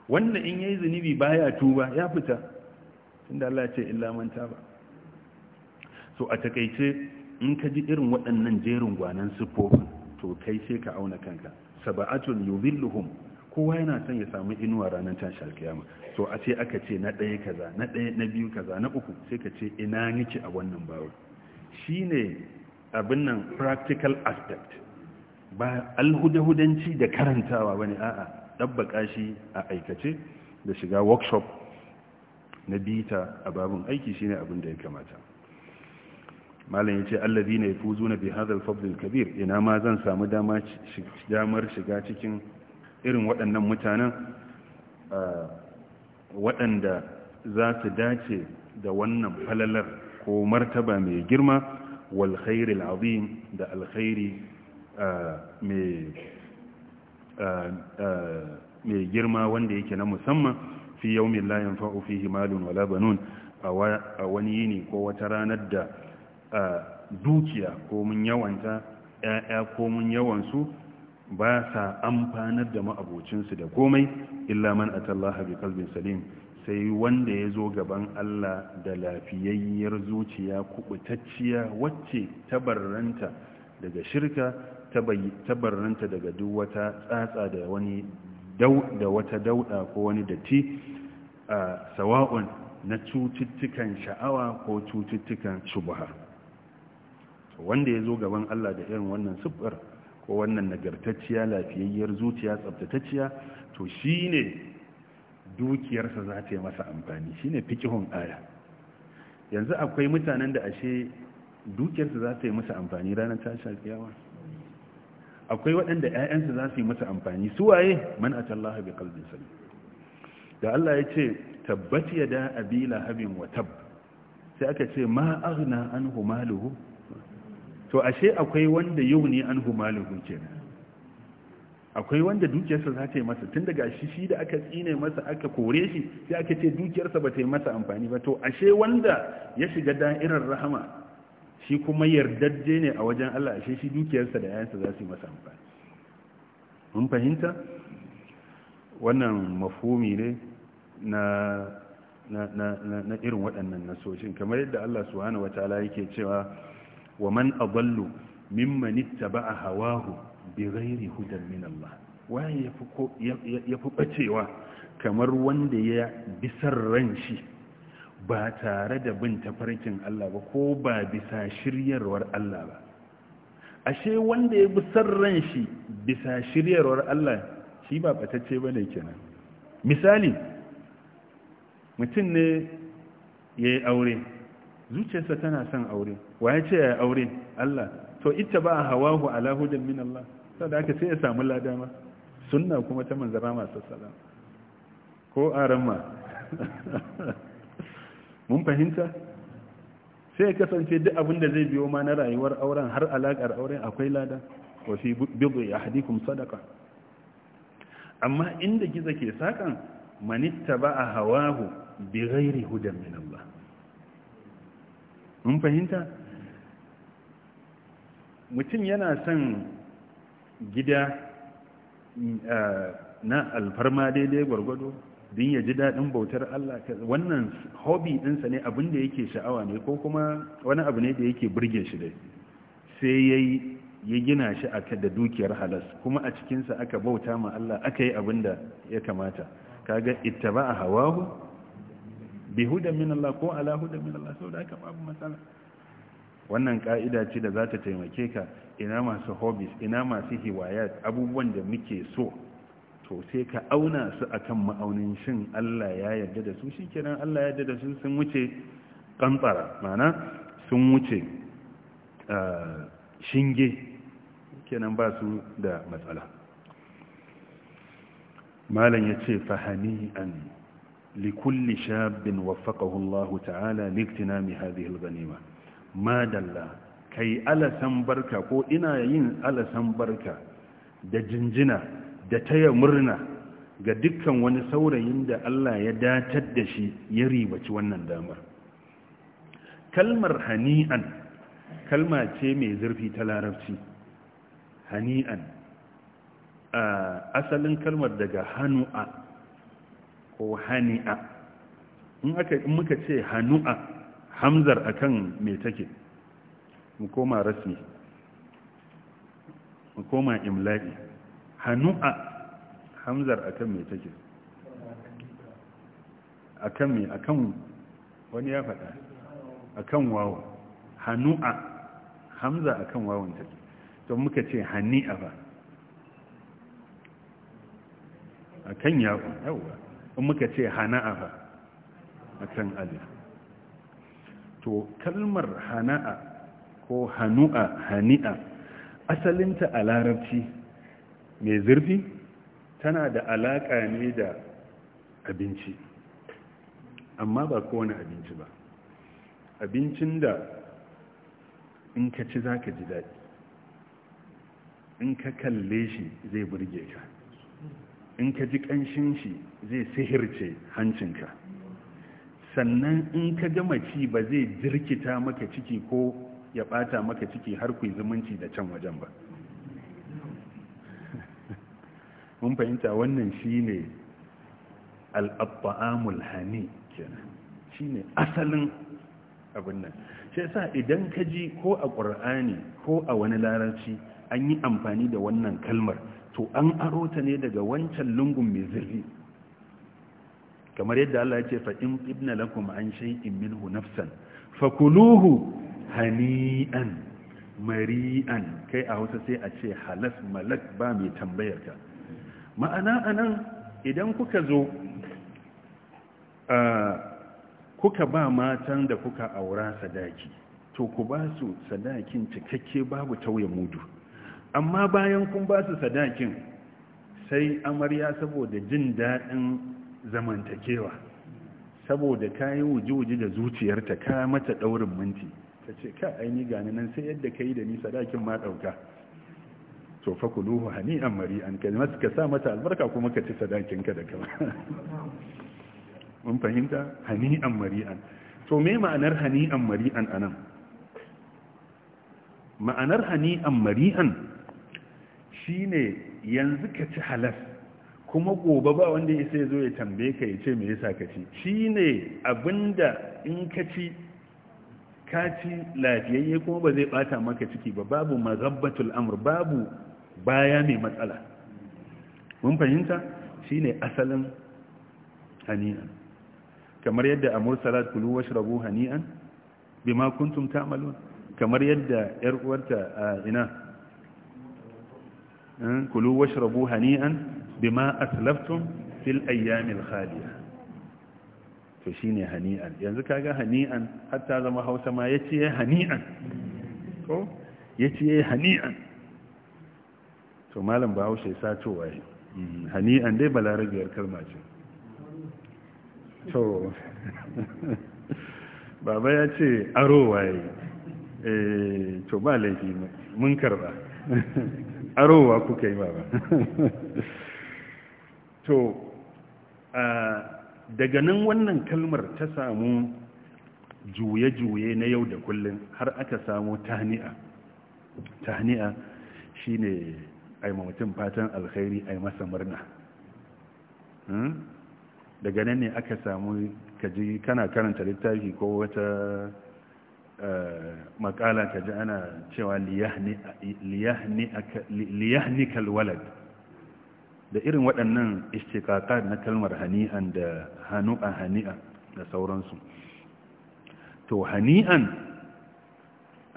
wanda in yayi zunubi baya tuba ya fita tunda Allah ya ce illa man taba so a takeice in ka ji irin waɗannan jerin gwanan siffofin to kai sai ka auna kanka saba'atun yuzilluhum kowa yana son ya samu inuwa ranar tashi alkiyama so a ce aka ce na ɗaya kaza na ɗaya na biyu kaza na uku sai ka ce ina nake a wannan Shi shine abin nan practical aspect ba alhudahudanci da karantawa bane a'a dabbaka shi a aikace da shiga workshop na bita a babin aiki shine abin da ya kamata malam ya ce allazi ne fuzu na bi hadal fadlil kabir ina ma zan samu damar shiga cikin irin waɗannan mutanen ah, waɗanda za su dace da wannan falalar ko martaba mai girma wal khairil azim da alkhairi ah, ah, mai girma wanda yake na musamman fi yaumin layin fa'o fi himalun wala banun a wani yini ko wata ranar da dukiya ko mun yawanta ‘ya'ya ko mun yawansu ba sa amfanar da ma'abocinsu da komai illa man atallaha bi kalbin salim sai wanda ya zo gaban Allah da lafiyayyar zuciya kubutacciya wacce tabarranta daga shirka tabarranta daga duk wata tsatsa da wani da wata dauɗa ko wani datti a sawa'un na cututtukan sha'awa ko cututtukan shubha wanda ya zo gaban Allah da irin wannan sufar ko wannan nagartacciya lafiyayyar zuciya tsabtatacciya to shi ne dukiyarsa za ta yi masa amfani Shi ne fikihun aya yanzu akwai mutanen da ashe dukiyarsa za ta yi masa amfani ranar tashin kiyama akwai waɗanda 'ya'yansa za su yi masa amfani su waye man a atallaha bi kalbin sani. da Allah ya ce tabbat yada abi lahabin wa tab sai aka ce ma aghna anhu maluhu to ashe akwai wanda yau ne an humalihu kenan akwai wanda dukiyarsa za ta yi masa tun daga shi shi da aka tsine masa aka kore shi sai aka ce dukiyarsa ba ta yi masa amfani ba to ashe wanda ya shiga da'irar rahama shi kuma yardajje ne a wajen Allah ashe shi dukiyarsa da yayansa za su yi masa amfani mun fahimta wannan mafhumi ne na na na na irin waɗannan nasoshin kamar yadda Allah subhanahu wataala yake cewa wa man adallu mimman ittaba'a hawahu ghairi hudan min Allah waye yafi bacewa kamar wanda ya bisar ranshi ba tare da bin tafarkin Allah ba ko ba bisa shiryarwar Allah ba ashe wanda ya bisar ranshi bisa shiryarwar Allah shi ba batacce bane kenan misali mutum ne yayi aure zuciyarsa tana son aure wa ya ce ya aure Allah to ita ba hawahu ala hudan min Allah da aka sai ya samu ladama sunna kuma ta manzara masu salam ko aramma (laughs) mun fahimta sai kasance duk abin da zai biyo ma na rayuwar auren har alaƙar auren akwai lada wa fi bidu ya hadikum sadaka amma inda gizo ke sakan manitta ba a hawahu bi ghairi hudan min Allah mun fahimta mutum yana son gida eh, na alfarma daidai gwargwado din ya ji daɗin bautar Allah wannan hobi ɗinsa ne abin da yake sha'awa ne ko kuma wani abu ne da yake burge shi dai sai ya ya gina shi aka da dukiyar halas kuma a cikinsa aka bauta ma Allah aka yi abin da ya kamata kaga ittaba hawahu bi hudan min Allah ko ala hudan min Allah saboda aka babu matsala wannan ka'ida ce da za ta taimake ka ina masu hobbies ina masu hiwayat abubuwan da muke so to sai ka auna su akan ma'aunin shin Allah ya yarda da su kenan Allah ya yarda da su sun wuce kantsara mana sun wuce eh, shinge kenan ba su da matsala malam ya ce fahani an likulli shabbin waffaqahu Allah ta'ala liktinami hadhihi al-ghanima madalla kai alasan barka ko ina yin alasan barka da jinjina da taya murna ga dukkan wani saurayin da Allah ya datar da shi ya ribaci wannan damar kalmar hani'an kalma ce mai zurfi ta larabci hani'an asalin kalmar daga hanu'a ko hani'a in muka ce hanu'a hamzar a kan me take mu koma rasmi mu koma imla'i Hannu'a. hamzar a kan me take mai a kan wani ya faɗa kan wawa Hannu'a. hamza kan wawan take to muka ce hani'a ba a kan yawon yawon muka ce hana'a ba kan alif to kalmar hana'a ko hanu'a hani'a asalinta a larabci mai zurfi tana da alaƙa ne da abinci amma ba kowane abinci ba abincin da in ka ci za ka ji daɗi in ka kalle shi zai burge ka in ka ji ƙanshin shi zai sihirce hancinka sannan in ka gama ci ba zai jirkita maka ciki ko ya bata maka ciki har ku zumunci da can wajen ba (laughs) mun fahimta wannan shine al-abba'amul hani kenan shine asalin abin nan shi sa idan ka ji ko a ƙur'ani ko a wani larabci an yi amfani da wannan kalmar to an aro ta ne daga wancan lungun mai zirri kamar yadda Allah ya ce fa in ibna lakum an shay'in minhu nafsan fakuluhu hani'an mari'an kai a Hausa sai a ce halas malak ba mai tambayarka. ka ma'ana anan idan kuka zo kuka ba matan da kuka aura sadaki to ku ba su sadakin cikakke babu tauye mudu amma bayan kun ba su sadakin sai amarya saboda jin daɗin zamantakewa saboda ka yi wuji-wuji da zuciyarta ka mata ɗaurin minti ta ce ka aini gani nan sai yadda ka yi da nisa dakin ma ɗauka to fa kuluhu hani'an mari'an kalmar ka sa mata albarka kuma ka ci sadakinka da kama (laughs) mun fahimta mari mari'an to me ma'anar hani'an mari'an anan ma'anar hani'an mari'an shine yanzu ka ci halas kuma gobe ba wanda ya sai zo ya tambaye ka ya ce me yasa ka ci shine abinda in ka ci ka ci lafiyayye kuma ba zai bata maka ciki ba babu mazabbatul amr babu baya mai matsala mun fahimta shine asalin hani'an kamar yadda a mursalat kulu washrabu hani'an bima kuntum ta'malun kamar yadda yar uwarta a ina hmm? kulu washrabu hani'an bima aslaftum fil ayyamil khaliya to shine hani'an yanzu kaga hani'an hatta zama Hausa ma yace hani'an ko yace hani'an to malam Bahaushe satowa mm, hani'an dai balarabiyar kalma ce to (laughs) baba ya ce aro waye eh, to ba laifi mun karba (laughs) arowa kuka yi baba (laughs) to daga nan wannan kalmar ta samu juye-juye na yau da kullum har aka samu Tani'a tahni'a shine ai mutum fatan alkhairi ai masa murna hmm? daga nan ne aka samu kaji kana karanta littafi ko wata makala kaji ana cewa liyahni kalwalad da irin waɗannan istikaka na kalmar hani'an da a hani'a da sauransu to hani'an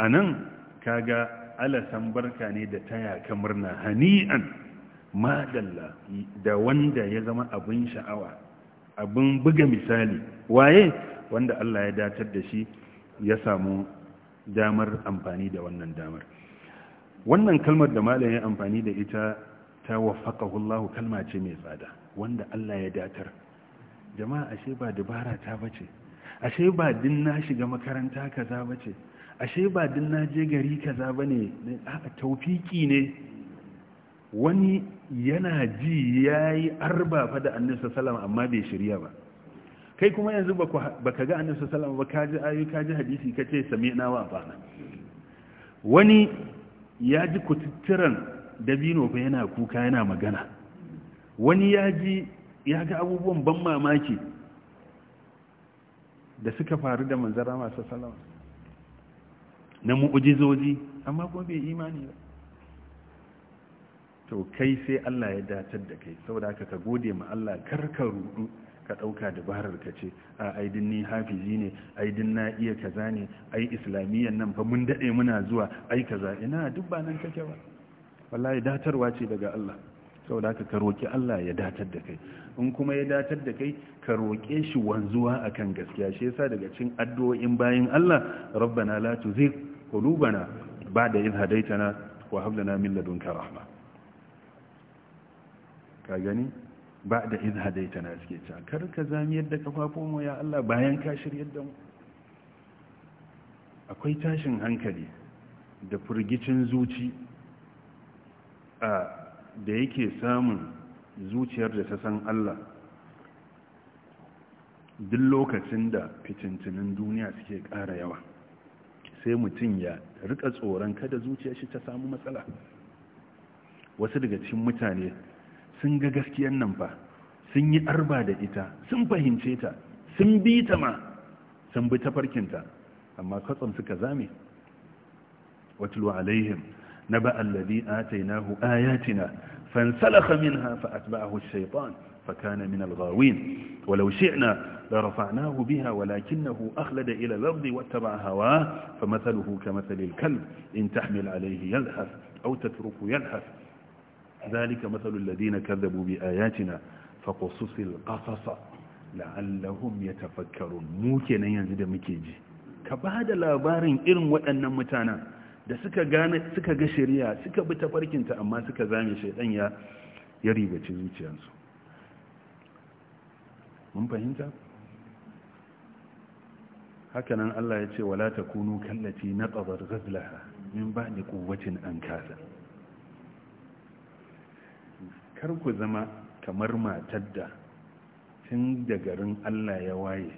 a nan kaga alasan barka ne da taya kamar na hani'an madalla da wanda ya zama abin sha'awa abin buga misali waye wanda Allah ya datar da shi ya samu damar amfani da wannan damar wannan kalmar da malam ya amfani da ita ta waffaqahu kalma ce mai tsada wanda Allah ya datar jama'a ashe ba dabara ta bace ashe ba din na shiga makaranta kaza bace ashe ba din na je gari kaza bane a taufiki ne wani yana ji yayi arba fa da Annabi sallallahu amma bai shirya ba kai kuma yanzu baka ga Annabi sallallahu ba kaji ayu kaji hadisi kace sami'na wa bana wani ya ji kututturan dabino fa yana kuka yana magana wani ya ji ya ga abubuwan ban mamaki da suka faru da manzara masu salama na mu'ujizoji amma kuma bai imani ba to kai sai Allah ya datar da kai saboda haka ka gode ma Allah kar ka rudu ka ɗauka dabarar ka ce a aidin ni hafizi ne aidin na iya kaza ne ai islamiyyar nan fa mun dade muna zuwa ai kaza ina duk ba nan kake ba wallahi datarwa ce daga Allah Sau da ka roƙi Allah ya datar da kai in kuma ya datar da kai ka roƙe shi wanzuwa akan gaskiya shi yasa daga cin addu'o'in bayan Allah rabbana la ba da yin hadaita na wa hab min ladunka rahma ka gani ba da yin hadaita na suke cewa kar ka ka da kafafunmu ya Allah bayan ka shirya da mu akwai tashin hankali da furgicin zuci da yake samun zuciyar da ta san Allah duk lokacin da fitintunin duniya suke ƙara yawa sai mutum ya rika tsoron kada zuciyar shi ta samu matsala wasu daga cikin mutane sun ga gaskiyar nan fa sun yi arba da ita sun fahimce ta sun bi ta ma sun bi ta farkinta amma kwatsam suka zame wata alaihim نبأ الذي آتيناه آياتنا فانسلخ منها فأتبعه الشيطان فكان من الغاوين ولو شئنا لرفعناه بها ولكنه أخلد إلى الأرض واتبع هواه فمثله كمثل الكلب إن تحمل عليه يلهث أو تتركه يلهث ذلك مثل الذين كذبوا بآياتنا فقصص القصص لعلهم يتفكرون ممكن ينزد مكيجي كبعد لابارين إرم وأن متانا da suka gane suka ga shari'a suka bi tafarkinta amma suka zame shaidan ya ya ribaci zuciyarsu mun fahimta hakanan Allah ya ce wala takunu kallati naqadar ghazlaha min ba'di quwwatin ankasa kar ku zama kamar matar da tun da garin Allah ya waye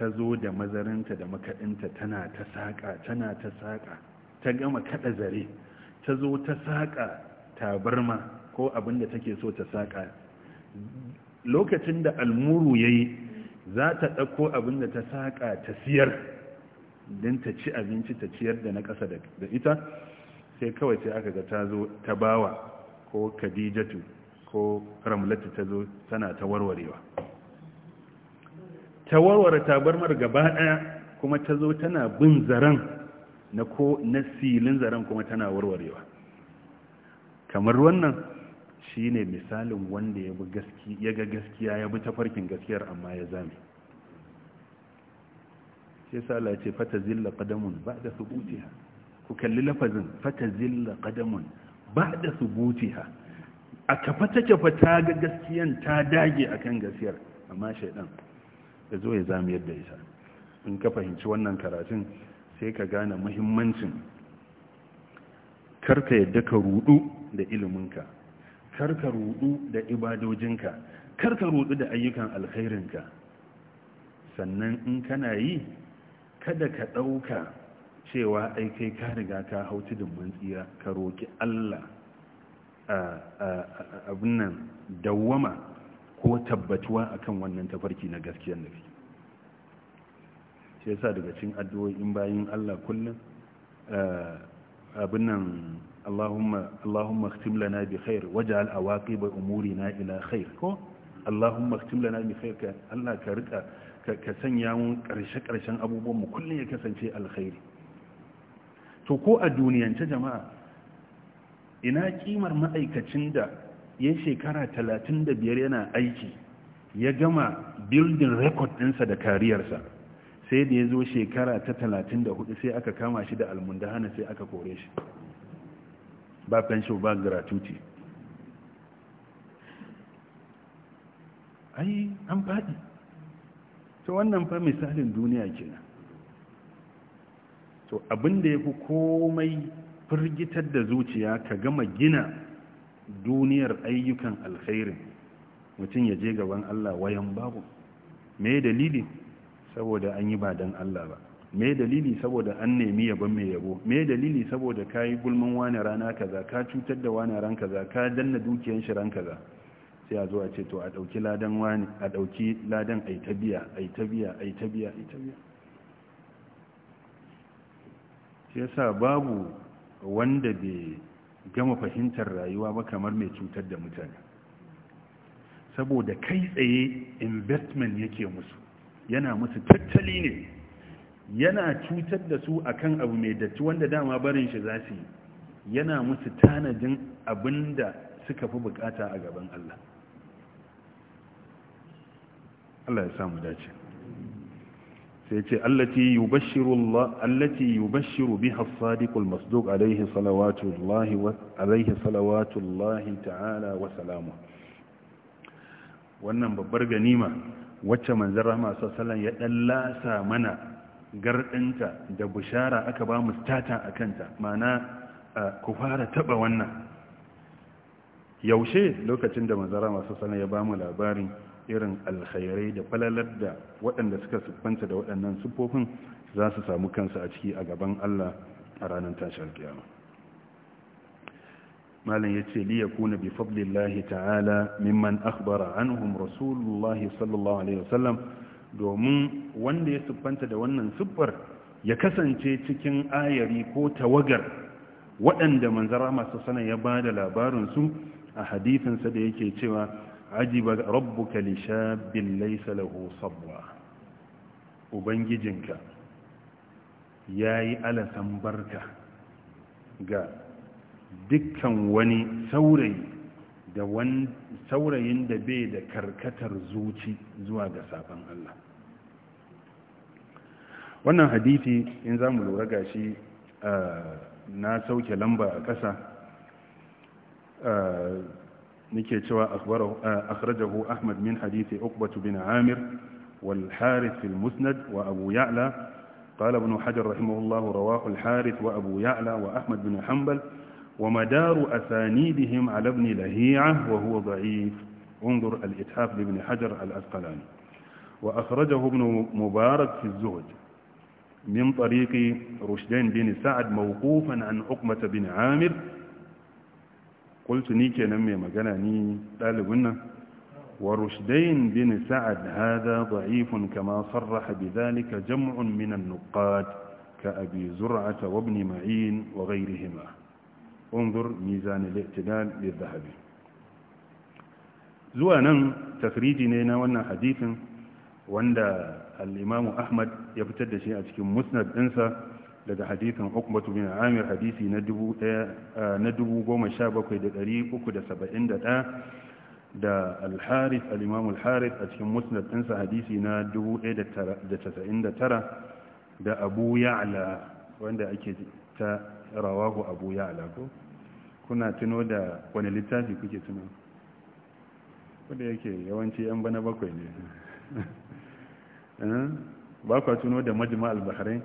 ta zo da mazarinta da makaɗinta tana ta saƙa tana ta saƙa ta gama kada zare ta zo ta saƙa tabarma ko abin da take so ta saƙa lokacin da almuru ya yi za ta ɗauko abin da ta saƙa ta siyar don ta ci abinci ta ciyar da na ƙasa da ita sai kawai ce aka ga ta zo ta bawa ko kadijatu ko ramlatu ta zo tana ta warwarewa ta warware tabarmar gaba ɗaya kuma ta zo tana bin zaren na ko na silin zaren kuma tana warwarewa kamar wannan shi ne misalin wanda ya bi gaskiya ga gaskiya ya bi tafarkin gaskiyar amma ya zame sai sa ce fata zilla qadamun ba'da thubutiha ku kalli lafazin fata zilla qadamun ba'da thubutiha a kafa take ta ga gaskiyan ta dage akan gaskiyar amma shaidan ya zo ya zame yadda isa in ka fahimci wannan karatun sai ka gane muhimmancin karka yadda ka rudu da iliminka karka rudu da ibadojinka karka rudu da ayyukan alkhairinka sannan in kana yi kada ka ɗauka cewa ai kai ka riga ka hau tudun mantsiya ka roki Allah abin nan dawwama ko tabbatuwa akan wannan tafarki na gaskiyar nufi shi yasa daga cikin addu'o'in bayin Allah kullum eh, abin nan Allahumma Allahumma khtim lana bi khair waj'al awaqib umurina ila khair ko Allahumma khtim lana bi khair ka Allah ka rika ka sanya mu karshe karshen abubuwan mu kullum ya kasance alkhairi to ko a duniyance jama'a ina kimar ma'aikacin da ya shekara 35 yana aiki ya gama building record ɗinsa da kariyarsa sai da ya zo shekara ta talatin da hudu sai aka kama shi da almundahana sai aka kore shi ba pension ba gratuity ai an faɗi to wannan fa misalin duniya ke kenan to abin da ya fi komai firgitar da zuciya ka gama gina duniyar ayyukan alkhairin mutum ya je gaban Allah wayan babu me dalili saboda an yi ba dan Allah ba me dalili saboda an nemi yabon mai yabo me dalili saboda ka yi gulman wani rana kaza ka cutar da wani ran kaza ka danna dukiyan shi ran kaza sai a zo a ce to a ɗauki ladan wani a ɗauki ladan yi ta biya yi ta biya yi ta biya yi ta biya shi yasa babu wanda bai gama fahimtar rayuwa ba kamar mai cutar da mutane saboda kai tsaye investment yake musu yana musu tattali ne yana cutar da su akan abu mai datti wanda dama barin shi za su yi yana musu tanadin abin da suka fi bukata a gaban Allah Allah ya samu dace sai ce allati yubashshiru Allah allati yubashshiru biha as-sadiq al-masduq alayhi salawatu Allah alayhi salawatu Allah ta'ala wa wannan babbar ganima wacce manzan rahama sassalan ya ɗan lasa mana gardinta da bushara aka ba mu stata a kanta mana ku fara taɓa wannan yaushe lokacin da manzara masu sassalan ya ba mu labarin irin alkhairai da falalar da waɗanda suka siffanta da waɗannan siffofin za su samu kansu a ciki a gaban allah a ranar tashar kiyama malam ya ce liya kuna bi fadlillahi ta'ala mimman akhbara anhum rasulullahi sallallahu alaihi wasallam domin wanda ya siffanta da wannan siffar ya kasance cikin ayari ko tawagar waɗanda manzara masu sana ya ba da su a hadifinsa da yake cewa ajiba rabbuka li shabbin laysa lahu sabwa ubangijinka yayi alasan barka ga dukkan wani saurayi da saurayin da bai da karkatar zuci zuwa ga sabon Allah wannan hadisi in za mu lura gashi na sauke lamba a ƙasa nake cewa akhrajahu ahmad min hadisi uqbatu bin amir wal harith fil musnad wa abu ya'la قال ابن حجر رحمه الله رواه الحارث وأبو يعلى وأحمد بن حنبل ومدار أسانيدهم على ابن لهيعة وهو ضعيف انظر الإتحاف لابن حجر الأسقلاني وأخرجه ابن مبارك في الزهد من طريق رشدين بن سعد موقوفا عن عقمة بن عامر قلت نيك نمي قال قلنا ورشدين بن سعد هذا ضعيف كما صرح بذلك جمع من النقاد كأبي زرعة وابن معين وغيرهما انظر ميزان الاعتدال للذهبي zuwa nan takriji ne na wannan hadisin wanda al'imamu ahmad ya fitar da shi a cikin musnad ɗinsa daga hadisin ukbatu bin amir hadisi na 17371 da al-haris al-imamu al-haris a cikin musnad ɗinsa hadisi na 1099 da abu ya'la wanda ake ta rawahu abu ya'la ko kuna tuno da wani littafi kuke tuno wadda yake yawanci yan bana bakwai ne eh? ba kwa tuno da majima albaharai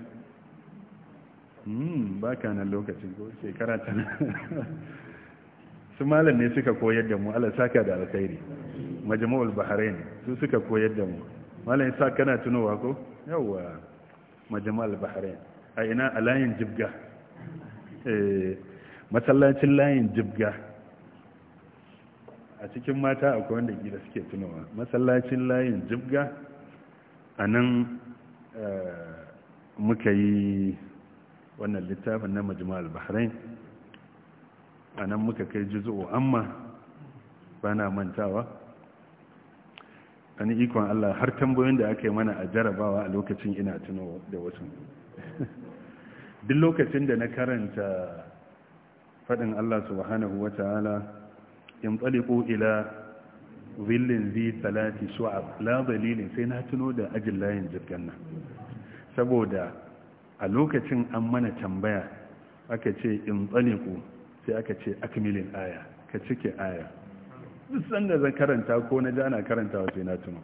hmm, ba ka nan lokacin ko shekara ta su malam ne suka koyar da mu ala saka da alkhairi majima albaharai ne su suka koyar da mu malam sa kana tunowa ko yawwa majima albaharai a ina alayin jibga eh, masallacin layin jibga a cikin mata akwai wanda gida suke tunawa masallacin layin jibga a nan eh, muka yi wannan littafin na al bahrain a nan muka kai o amma ba na mantawa wani ikon Allah har tambayoyin da aka yi mana a jarabawa a lokacin ina tuno da wasu (laughs) duk lokacin da na karanta faɗin Allah subhanahu wa ta'ala in tsaliko ila zillin zi talati shu'ab la sai na tuno da ajin layin jirgin nan saboda a lokacin an mana tambaya aka ce in tsaliko sai aka ce akmilin aya ka cike aya duk da zan karanta ko na jana na karantawa sai na tuno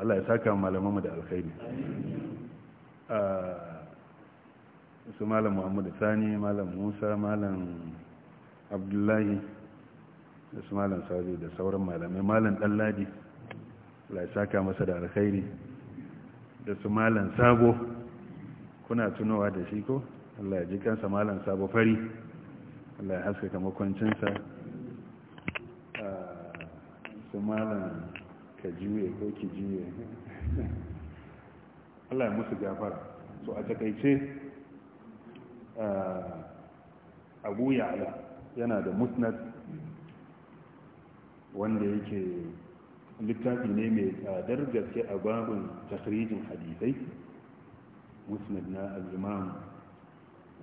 Allah ya saka malamanmu da alkhairi ah, su malam muhammad sani malam musa malam abdullahi da su malam sauri da sauran malamai malam ɗanladi la masa da alkhairi da su malam sabo kuna tunowa da shi ko allah ya ji kansa malam sabo fari allah ya haskaka makwancinsa ah, su malam ka juye ko ki juye (laughs) allah ya musu gafara so a takaice Eh, abu ya'ala yana da musnad wanda yake littafi ne mai tsadar gaske a babin tasirijin hadisai musnad na al'imam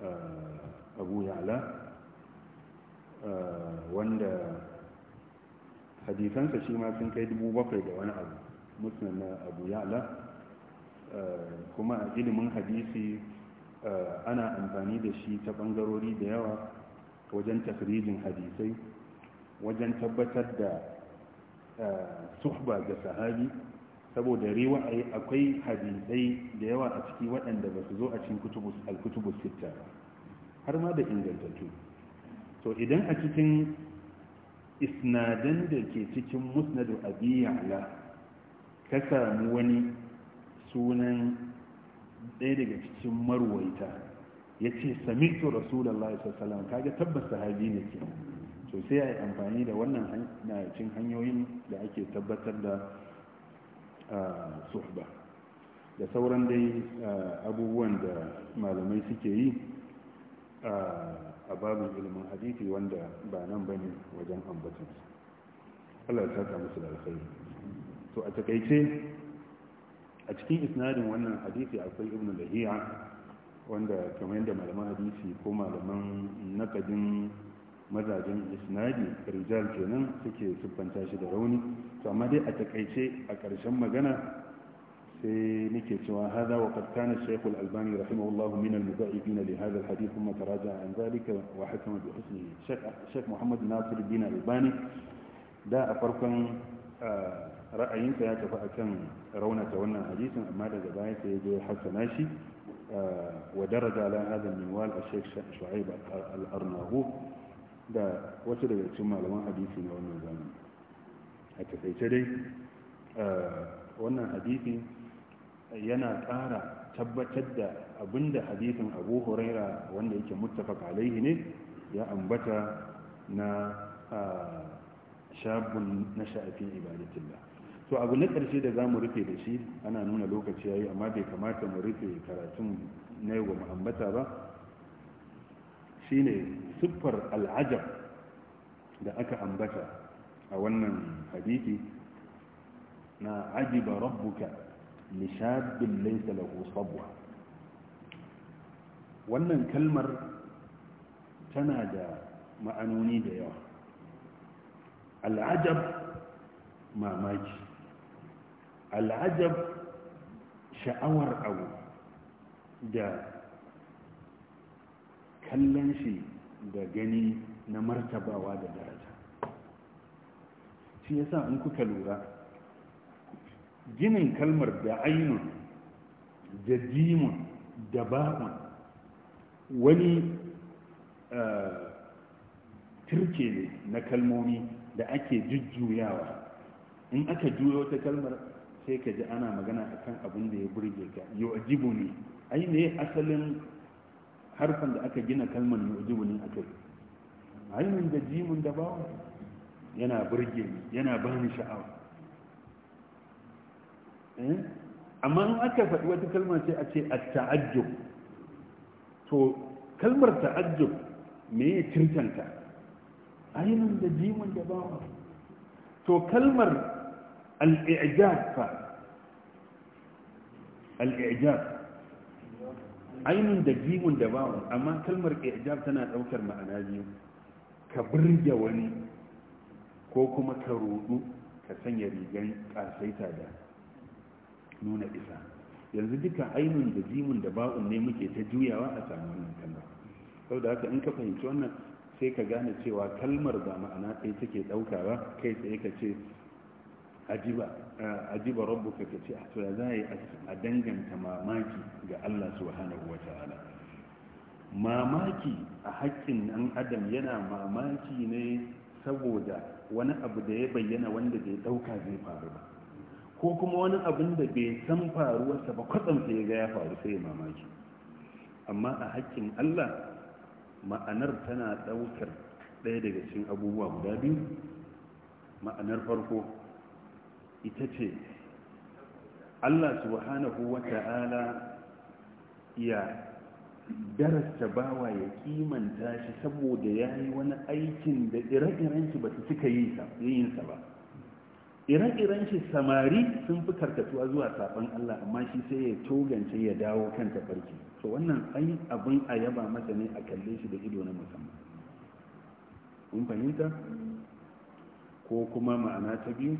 eh, abu ya'ala, eh, wanda hadisansa shi ma sun kai dubu bakwai da wani abu musnad na abu ya'ala, kuma ilimin hadisi Eh, ana amfani da shi ta bangarori da yawa wajen tafrijin hadisai wajen tabbatar da eh, suhba ga sahabi saboda riwa akwai hadisai da yawa a ciki waɗanda ba su zo a cikin alkutubus sitta har ma da ingantattu to idan a cikin isnadan da ke cikin musnadu abi ya'la ka samu wani sunan ɗaya daga cikin marwaita ya ce samitu rasulallah ya sassalam kaga tabbas sahabi ne ke to sai a yi amfani da wannan cin hanyoyin da ake tabbatar da suhba da sauran dai abubuwan da malamai suke yi a babin ilimin hadithi wanda ba nan ba ne wajen ambatansu allah ya saka musu da alfai to a takaice a cikin isnadin wannan hadisi akwai ibnu lahiya wanda kamar yadda malaman hadisi ko malaman nakadin mazajen isnadi rijal kenan suke siffanta shi da rauni to amma dai a takaice a ƙarshen magana sai nake cewa haza wa qad kana albani rahimahullah min al-mudha'ibin li hadha al-hadith thumma an dhalika wa hakama bi husnihi shaykh muhammad nasir bin albani da a farkon ah, ra'ayinsa ya tafi a kan raunata wannan hadisin amma daga baya sai ya zo hassana shi eh, wa daraja ala hadha al-minwal al-shaykh shu'aib al-arnahu da wasu daga cikin malaman hadisi na wannan zamani a takaice dai eh, wannan hadisi yana ƙara tabbatar da abinda hadisin abu huraira wanda yake muttafaq alaihi ne ya ambata na eh, shabun na sha'afin ibadatillah to abu na ƙarshe da za mu rufe da shi ana nuna lokaci yayi amma bai kamata mu rufe karatun na yau mu ambata ba shine siffar al'ajab da aka ambata a wannan hadisi na ajiba rabbuka nishabin laisa lahu sabwa wannan kalmar tana da ma'anoni da yawa al'ajab mamaki al'ajab sha'awar abu da kallon shi da gani na martabawa da daraja shi yasa in kuka lura ginin kalmar da ainun da jimun da ba'un wani eh, turke ne na kalmomi da ake jujjuyawa in aka juyo ta kalmar sai ka ji ana magana a kan abin da ya burge ka yau ne. ai ne asalin harfan da aka gina kalmar ne a kai ainihin da jimun da bawa? yana burge ni yana ni sha'awa eh? amma in aka faɗi wata kalma sai a ce a taajjub to kalmar ta'ajjub me ya tintanta ainihin da jimun da bawa. to kalmar al'ijab ف al'ijab ainihin da jimun da ba'un amma kalmar ijab tana ɗaukar ma'ana biyu ka birge wani ko kuma ka rudu ka sanya rigar nuna isa yanzu duka ainihin da jimun da ba'un ne muke ta juyawa a samu wannan kalmar sau da haka in ka fahimci wannan sai ka gane cewa kalmar ba ma'ana ɗaya take ɗauka ba kai tsaye ka ce ajiba eh, ajiba rabbuka ka ce ah, to za zai a danganta mamaki ga Allah subhanahu Ta'ala. mamaki a hakkin ɗan adam yana mamaki ne saboda wani abu da ya bayyana wanda bai ɗauka zai faru ba ko kuma wani abu da bai san faruwarsa ba kwatsam ya ga ya faru sai mamaki amma a hakkin Allah ma'anar tana ɗaukar ɗaya daga cikin abubuwa guda biyu ma'anar farko ita ce Allah subhanahu wa ta'ala ya darasta bawa ya kimanta shi saboda ya yi wani aikin da ire-iren shi ba su cika sa ba ire-iren shi samari sun fi karkatuwa zuwa safon Allah amma shi sai ya togance ya dawo kan tafarki to wannan ai abin a yaba masa ne a kalle shi da ido na musamman kun fahimta ko kuma ma'ana ta biyu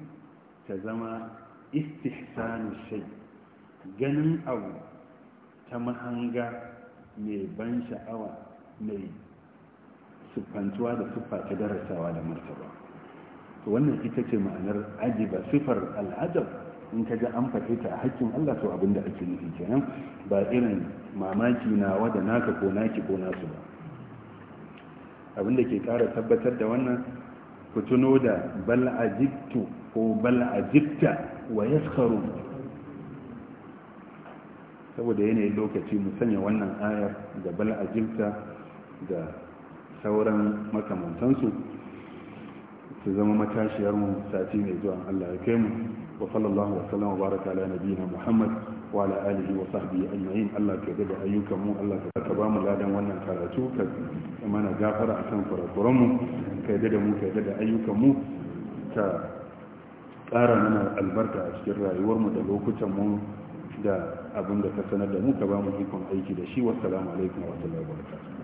ta zama istihsanu shai ganin abu ta mahanga mai ban sha'awa mai sufantuwa da siffa ta darasawa da martaba to wannan ita ce ma'anar ajiba sifar al'ajab in ka ji an faɗe ta a hakkin Allah to abin da ake nufi kenan ba irin mamaki na wada naka ko naki ko nasu ba abinda ke kara tabbatar da wannan ku da bal ko bal ajibta wa yaskaru. saboda yanayin lokaci mu sanya wannan ayar da bal ajibta da sauran makamantansu su zama matashiyar mu sati mai zuwa Allah ya kai mu wa sallallahu wa sallam wa baraka ala nabiyina Muhammad wa ala alihi wa sahbihi ajma'in Allah ka gaba ayyukan mu Allah ka ba bamu ladan wannan karatu ka mana gafara akan kurakuran mu ka da mu ka da ayyukan mu ta ƙara mana albarka a cikin rayuwarmu da lokutan mu da abin da ka sanar da mu ka ba mu ikon aiki da shi wasu alaikum wa rahmatullahi wa barakatuh